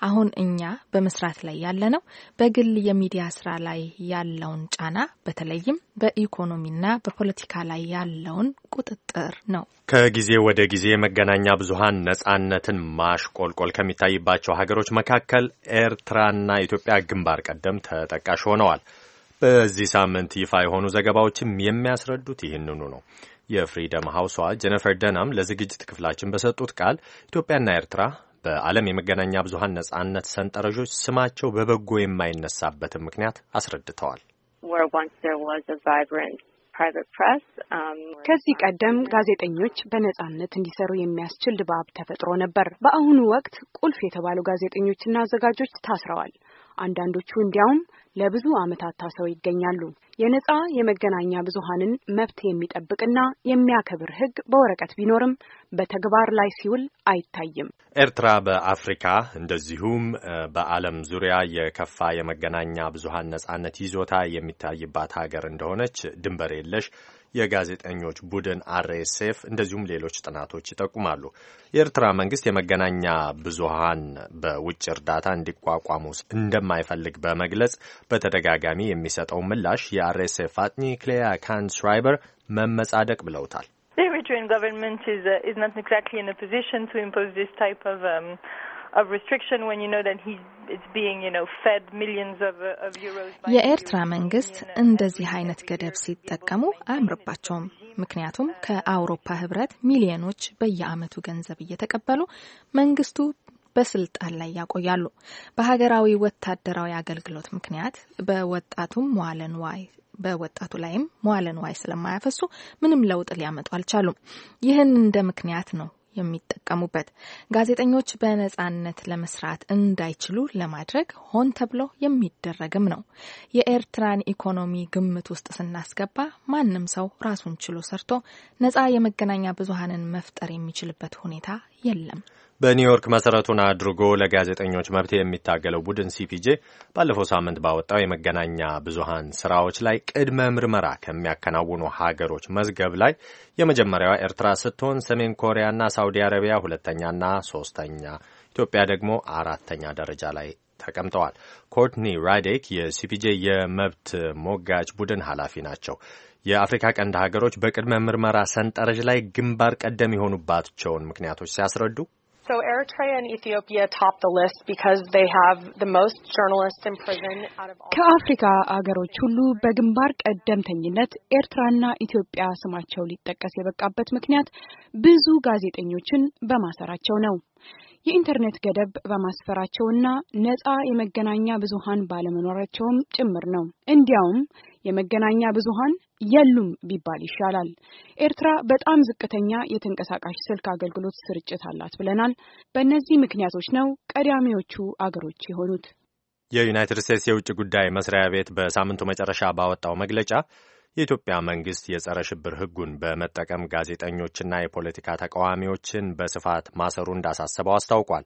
አሁን እኛ በመስራት ላይ ያለነው በግል የሚዲያ ስራ ላይ ያለውን ጫና በተለይም በኢኮኖሚና በፖለቲካ ላይ ያለውን ቁጥጥር ነው። ከጊዜ ወደ ጊዜ መገናኛ ብዙሀን ነጻነትን ማሽቆልቆል ከሚታይባቸው ሀገሮች መካከል ኤርትራና ኢትዮጵያ ግንባር ቀደም ተጠቃሽ ሆነዋል። በዚህ ሳምንት ይፋ የሆኑ ዘገባዎችም የሚያስረዱት ይህንኑ ነው። የፍሪደም ሀውሷ ጀነፈር ደናም ለዝግጅት ክፍላችን በሰጡት ቃል ኢትዮጵያና ኤርትራ በዓለም የመገናኛ ብዙሀን ነጻነት ሰንጠረዦች ስማቸው በበጎ የማይነሳበትን ምክንያት አስረድተዋል። um, ከዚህ ቀደም ጋዜጠኞች በነጻነት እንዲሰሩ የሚያስችል ድባብ ተፈጥሮ ነበር። በአሁኑ ወቅት ቁልፍ የተባሉ ጋዜጠኞችና አዘጋጆች ታስረዋል። አንዳንዶቹ እንዲያውም ለብዙ ዓመታት ታስረው ይገኛሉ። የነጻ የመገናኛ ብዙሃንን መብት የሚጠብቅና የሚያከብር ሕግ በወረቀት ቢኖርም በተግባር ላይ ሲውል አይታይም። ኤርትራ በአፍሪካ እንደዚሁም በዓለም ዙሪያ የከፋ የመገናኛ ብዙሃን ነጻነት ይዞታ የሚታይባት ሀገር እንደሆነች ድንበር የለሽ የጋዜጠኞች ቡድን አርኤስኤፍ እንደዚሁም ሌሎች ጥናቶች ይጠቁማሉ። የኤርትራ መንግስት የመገናኛ ብዙሃን በውጭ እርዳታ እንዲቋቋሙ እንደማይፈልግ በመግለጽ በተደጋጋሚ የሚሰጠው ምላሽ የአርኤስኤፍ አጥኚ ክሌያ ካንስራይበር መመጻደቅ ብለውታል። የኤርትራ መንግስት እንደዚህ አይነት ገደብ ሲጠቀሙ አያምርባቸውም። ምክንያቱም ከአውሮፓ ህብረት ሚሊዮኖች በየአመቱ ገንዘብ እየተቀበሉ መንግስቱ በስልጣን ላይ ያቆያሉ። በሀገራዊ ወታደራዊ አገልግሎት ምክንያት በወጣቱም መዋለ ንዋይ በወጣቱ ላይም መዋለ ዋይ ስለማያፈሱ ምንም ለውጥ ሊያመጡ አልቻሉም። ይህን እንደ ምክንያት ነው የሚጠቀሙበት ጋዜጠኞች በነጻነት ለመስራት እንዳይችሉ ለማድረግ ሆን ተብሎ የሚደረግም ነው። የኤርትራን ኢኮኖሚ ግምት ውስጥ ስናስገባ ማንም ሰው ራሱን ችሎ ሰርቶ ነጻ የመገናኛ ብዙሃንን መፍጠር የሚችልበት ሁኔታ የለም። በኒውዮርክ መሰረቱን አድርጎ ለጋዜጠኞች መብት የሚታገለው ቡድን ሲፒጄ ባለፈው ሳምንት ባወጣው የመገናኛ ብዙሃን ስራዎች ላይ ቅድመ ምርመራ ከሚያከናውኑ ሀገሮች መዝገብ ላይ የመጀመሪያዋ ኤርትራ ስትሆን ሰሜን ኮሪያና ሳውዲ አረቢያ ሁለተኛና ሶስተኛ፣ ኢትዮጵያ ደግሞ አራተኛ ደረጃ ላይ ተቀምጠዋል። ኮርትኒ ራዴክ የሲፒጄ የመብት ሞጋች ቡድን ኃላፊ ናቸው። የአፍሪካ ቀንድ ሀገሮች በቅድመ ምርመራ ሰንጠረዥ ላይ ግንባር ቀደም የሆኑባቸውን ምክንያቶች ሲያስረዱ So Eritrea and Ethiopia top the list because they have the most journalists in prison out of all ከአፍሪካ አገሮች ሁሉ በግንባር ቀደምተኝነት ኤርትራና ኢትዮጵያ ስማቸው ሊጠቀስ የበቃበት ምክንያት ብዙ ጋዜጠኞችን በማሰራቸው ነው። የኢንተርኔት ገደብ በማስፈራቸውና ነፃ የመገናኛ ብዙሃን ባለመኖራቸውም ጭምር ነው። እንዲያውም የመገናኛ ብዙሃን የሉም ቢባል ይሻላል። ኤርትራ በጣም ዝቅተኛ የተንቀሳቃሽ ስልክ አገልግሎት ስርጭት አላት ብለናል። በእነዚህ ምክንያቶች ነው ቀዳሚዎቹ አገሮች የሆኑት። የዩናይትድ ስቴትስ የውጭ ጉዳይ መስሪያ ቤት በሳምንቱ መጨረሻ ባወጣው መግለጫ የኢትዮጵያ መንግስት የጸረ ሽብር ሕጉን በመጠቀም ጋዜጠኞችና የፖለቲካ ተቃዋሚዎችን በስፋት ማሰሩ እንዳሳሰበው አስታውቋል።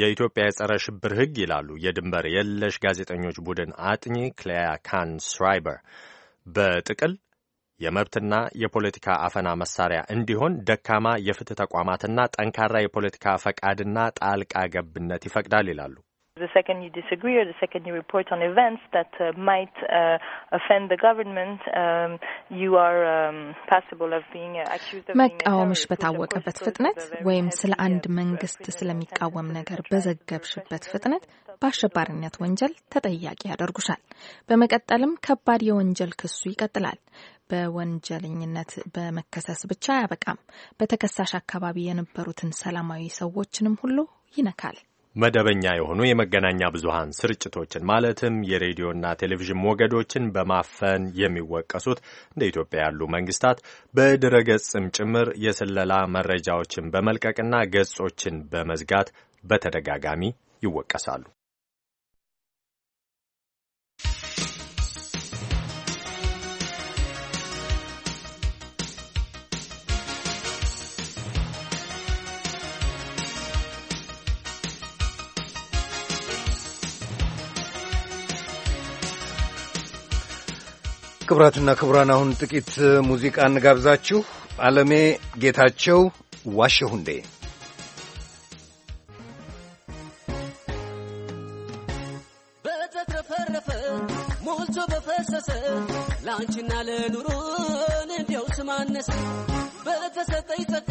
የኢትዮጵያ የጸረ ሽብር ሕግ ይላሉ የድንበር የለሽ ጋዜጠኞች ቡድን አጥኚ ክሊያ ካን ስራይበር በጥቅል የመብትና የፖለቲካ አፈና መሳሪያ እንዲሆን ደካማ የፍትህ ተቋማትና ጠንካራ የፖለቲካ ፈቃድና ጣልቃ ገብነት ይፈቅዳል ይላሉ። The second you disagree or the second you report on events that uh, might uh, offend the government, um, you are um, possible of being uh, accused of መቃወምሽ በታወቀበት ፍጥነት ወይም ስለ አንድ መንግስት ስለሚቃወም ነገር በዘገብሽበት ፍጥነት በአሸባሪነት ወንጀል ተጠያቂ ያደርጉሻል። በመቀጠልም ከባድ የወንጀል ክሱ ይቀጥላል። በወንጀለኝነት በመከሰስ ብቻ አያበቃም። በተከሳሽ አካባቢ የነበሩትን ሰላማዊ ሰዎችንም ሁሉ ይነካል። መደበኛ የሆኑ የመገናኛ ብዙሃን ስርጭቶችን ማለትም የሬዲዮና ቴሌቪዥን ሞገዶችን በማፈን የሚወቀሱት እንደ ኢትዮጵያ ያሉ መንግስታት በድረገጽም ጭምር የስለላ መረጃዎችን በመልቀቅና ገጾችን በመዝጋት በተደጋጋሚ ይወቀሳሉ። ክቡራትና ክቡራን አሁን ጥቂት ሙዚቃ እንጋብዛችሁ። አለሜ ጌታቸው ዋሸሁ እንዴ በተትረፈረፈ ሞልቶ በፈሰሰ ለአንቺና ለኑሮን እንዲያው ስማነሰ በተሰጠኝ ጸጋ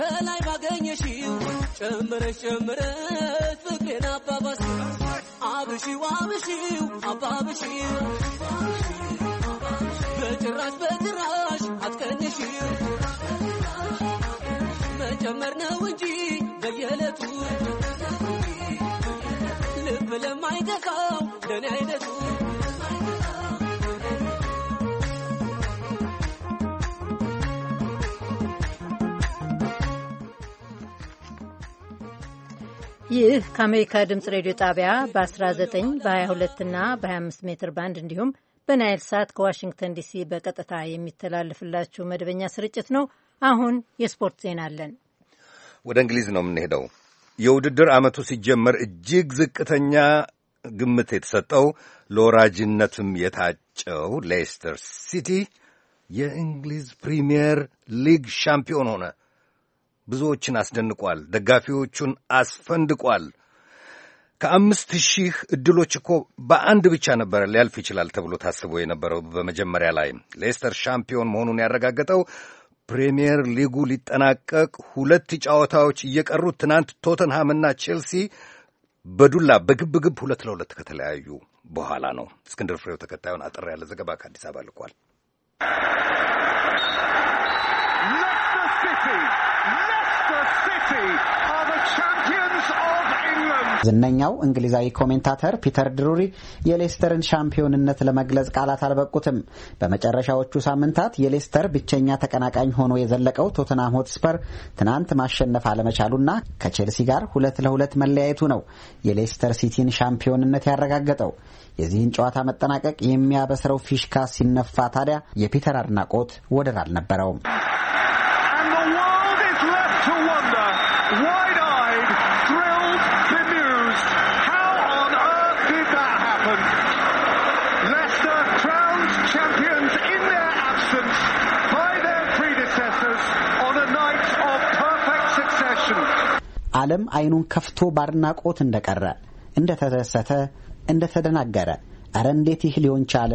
ከላይ ባገኘሽው ጨምረሽ ጨምረሽ ፍቅሬን አባባስ አብሺው አብሺው አባብሺው በጭራሽ በጭራሽ አትቀንሽ መጨመር ነው እንጂ በየዕለቱ ልብ ለማይተካው ለኔ አይነቱ ይህ ከአሜሪካ ድምፅ ሬዲዮ ጣቢያ በ19 በ22 እና በ25 ሜትር ባንድ እንዲሁም በናይል ሳት ከዋሽንግተን ዲሲ በቀጥታ የሚተላለፍላችሁ መደበኛ ስርጭት ነው። አሁን የስፖርት ዜና አለን። ወደ እንግሊዝ ነው የምንሄደው። የውድድር ዓመቱ ሲጀመር እጅግ ዝቅተኛ ግምት የተሰጠው ለወራጅነትም የታጨው ሌስተር ሲቲ የእንግሊዝ ፕሪምየር ሊግ ሻምፒዮን ሆነ። ብዙዎችን አስደንቋል፣ ደጋፊዎቹን አስፈንድቋል። ከአምስት ሺህ እድሎች እኮ በአንድ ብቻ ነበረ ሊያልፍ ይችላል ተብሎ ታስቦ የነበረው በመጀመሪያ ላይ። ሌስተር ሻምፒዮን መሆኑን ያረጋገጠው ፕሪምየር ሊጉ ሊጠናቀቅ ሁለት ጨዋታዎች እየቀሩት ትናንት ቶተንሃምና ቼልሲ በዱላ በግብግብ ሁለት ለሁለት ከተለያዩ በኋላ ነው። እስክንድር ፍሬው ተከታዩን አጠር ያለ ዘገባ ከአዲስ አበባ ልኳል። ዝነኛው እንግሊዛዊ ኮሜንታተር ፒተር ድሩሪ የሌስተርን ሻምፒዮንነት ለመግለጽ ቃላት አልበቁትም። በመጨረሻዎቹ ሳምንታት የሌስተር ብቸኛ ተቀናቃኝ ሆኖ የዘለቀው ቶተናም ሆትስፐር ትናንት ማሸነፍ አለመቻሉና ከቼልሲ ጋር ሁለት ለሁለት መለያየቱ ነው የሌስተር ሲቲን ሻምፒዮንነት ያረጋገጠው። የዚህን ጨዋታ መጠናቀቅ የሚያበስረው ፊሽካ ሲነፋ ታዲያ የፒተር አድናቆት ወደር አልነበረውም። ዓለም አይኑን ከፍቶ ባድናቆት እንደቀረ፣ እንደተደሰተ፣ እንደተደናገረ፣ አረ እንዴት ይህ ሊሆን ቻለ፣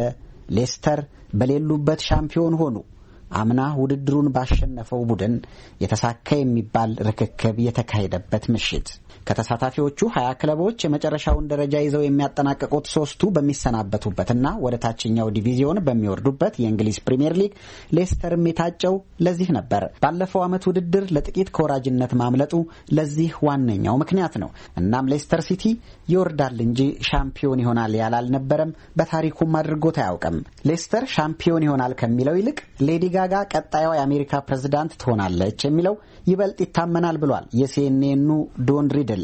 ሌስተር በሌሉበት ሻምፒዮን ሆኑ አምና ውድድሩን ባሸነፈው ቡድን የተሳካ የሚባል ርክክብ የተካሄደበት ምሽት ከተሳታፊዎቹ ሀያ ክለቦች የመጨረሻውን ደረጃ ይዘው የሚያጠናቀቁት ሶስቱ በሚሰናበቱበትና ወደ ታችኛው ዲቪዚዮን በሚወርዱበት የእንግሊዝ ፕሪምየር ሊግ ሌስተርም የታጨው ለዚህ ነበር። ባለፈው ዓመት ውድድር ለጥቂት ከወራጅነት ማምለጡ ለዚህ ዋነኛው ምክንያት ነው። እናም ሌስተር ሲቲ ይወርዳል እንጂ ሻምፒዮን ይሆናል ያላልነበረም በታሪኩም አድርጎት አያውቅም። ሌስተር ሻምፒዮን ይሆናል ከሚለው ይልቅ ሌዲ ጋጋ ቀጣዩ የአሜሪካ ፕሬዝዳንት ትሆናለች የሚለው ይበልጥ ይታመናል ብሏል የሲኤንኤኑ ዶን ሪድል።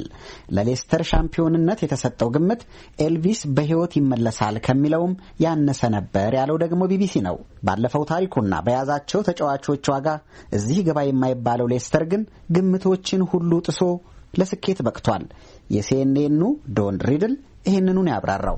ለሌስተር ሻምፒዮንነት የተሰጠው ግምት ኤልቪስ በሕይወት ይመለሳል ከሚለውም ያነሰ ነበር ያለው ደግሞ ቢቢሲ ነው። ባለፈው ታሪኩና በያዛቸው ተጫዋቾች ዋጋ እዚህ ገባ የማይባለው ሌስተር ግን ግምቶችን ሁሉ ጥሶ ለስኬት በቅቷል። የሲኤንኤኑ ዶን ሪድል ይህንኑን ያብራራው።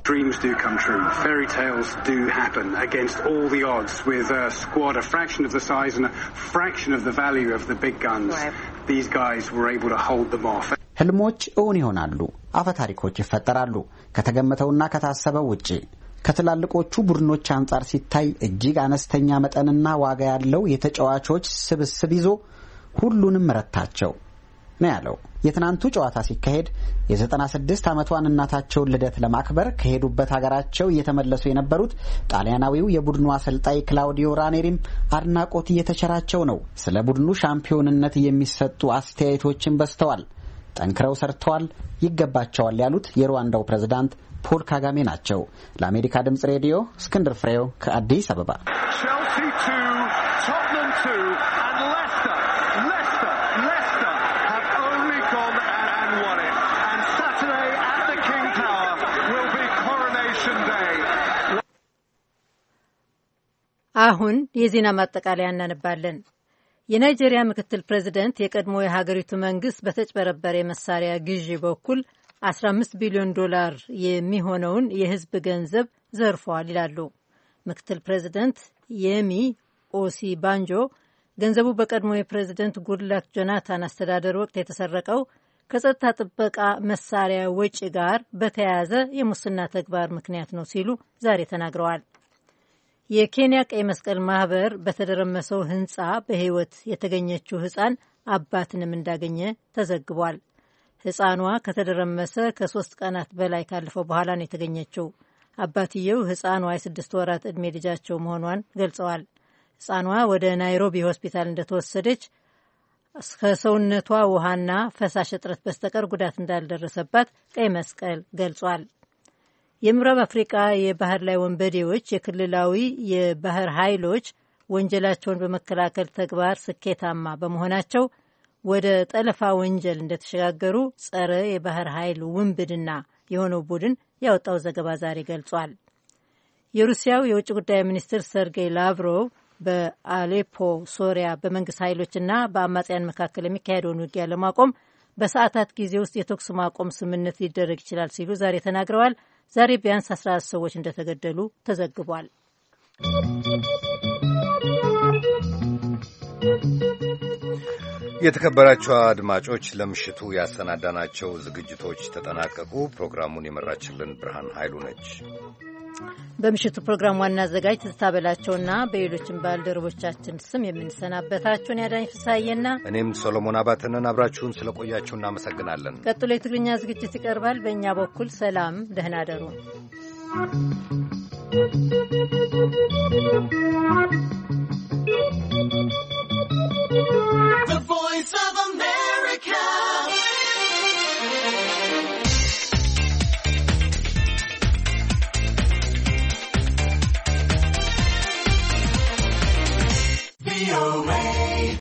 ህልሞች እውን ይሆናሉ። አፈ ታሪኮች ይፈጠራሉ። ከተገመተውና ከታሰበው ውጪ ከትላልቆቹ ቡድኖች አንጻር ሲታይ እጅግ አነስተኛ መጠንና ዋጋ ያለው የተጫዋቾች ስብስብ ይዞ ሁሉንም ረታቸው። ነው ያለው። የትናንቱ ጨዋታ ሲካሄድ የ96 ዓመቷን እናታቸውን ልደት ለማክበር ከሄዱበት ሀገራቸው እየተመለሱ የነበሩት ጣሊያናዊው የቡድኑ አሰልጣኝ ክላውዲዮ ራኔሪም አድናቆት እየተቸራቸው ነው። ስለ ቡድኑ ሻምፒዮንነት የሚሰጡ አስተያየቶችን በዝተዋል። ጠንክረው ሰርተዋል፣ ይገባቸዋል ያሉት የሩዋንዳው ፕሬዝዳንት ፖል ካጋሜ ናቸው። ለአሜሪካ ድምፅ ሬዲዮ እስክንድር ፍሬው ከአዲስ አበባ አሁን የዜና ማጠቃለያ እናነባለን። የናይጄሪያ ምክትል ፕሬዚደንት የቀድሞ የሀገሪቱ መንግስት በተጭበረበረ የመሳሪያ ግዢ በኩል 15 ቢሊዮን ዶላር የሚሆነውን የህዝብ ገንዘብ ዘርፏል ይላሉ። ምክትል ፕሬዚደንት የሚ ኦሲ ባንጆ ገንዘቡ በቀድሞ የፕሬዚደንት ጉድላክ ጆናታን አስተዳደር ወቅት የተሰረቀው ከጸጥታ ጥበቃ መሳሪያ ወጪ ጋር በተያያዘ የሙስና ተግባር ምክንያት ነው ሲሉ ዛሬ ተናግረዋል። የኬንያ ቀይ መስቀል ማህበር በተደረመሰው ህንፃ በህይወት የተገኘችው ህፃን አባትንም እንዳገኘ ተዘግቧል። ህፃኗ ከተደረመሰ ከሶስት ቀናት በላይ ካለፈው በኋላ ነው የተገኘችው። አባትየው ህፃኗ የስድስት ወራት ዕድሜ ልጃቸው መሆኗን ገልጸዋል። ህፃኗ ወደ ናይሮቢ ሆስፒታል እንደተወሰደች ከሰውነቷ ውሃና ፈሳሽ እጥረት በስተቀር ጉዳት እንዳልደረሰባት ቀይ መስቀል ገልጿል። የምዕራብ አፍሪቃ የባህር ላይ ወንበዴዎች የክልላዊ የባህር ኃይሎች ወንጀላቸውን በመከላከል ተግባር ስኬታማ በመሆናቸው ወደ ጠለፋ ወንጀል እንደተሸጋገሩ ጸረ የባህር ኃይል ውንብድና የሆነው ቡድን ያወጣው ዘገባ ዛሬ ገልጿል። የሩሲያው የውጭ ጉዳይ ሚኒስትር ሰርጌይ ላቭሮቭ በአሌፖ ሶሪያ በመንግስት ኃይሎችና በአማጽያን መካከል የሚካሄደውን ውጊያ ለማቆም በሰዓታት ጊዜ ውስጥ የተኩስ ማቆም ስምምነት ሊደረግ ይችላል ሲሉ ዛሬ ተናግረዋል። ዛሬ ቢያንስ 14 ሰዎች እንደተገደሉ ተዘግቧል። የተከበራችሁ አድማጮች ለምሽቱ ያሰናዳናቸው ዝግጅቶች ተጠናቀቁ። ፕሮግራሙን የመራችልን ብርሃን ኃይሉ ነች። በምሽቱ ፕሮግራም ዋና አዘጋጅ ትዝታ በላቸውና በሌሎችም ባልደረቦቻችን ስም የምንሰናበታችሁን ያዳኝ ፍሳዬና እኔም ሰሎሞን አባተንን አብራችሁን ስለቆያችሁ እናመሰግናለን። ቀጥሎ የትግርኛ ዝግጅት ይቀርባል። በእኛ በኩል ሰላም፣ ደህና man.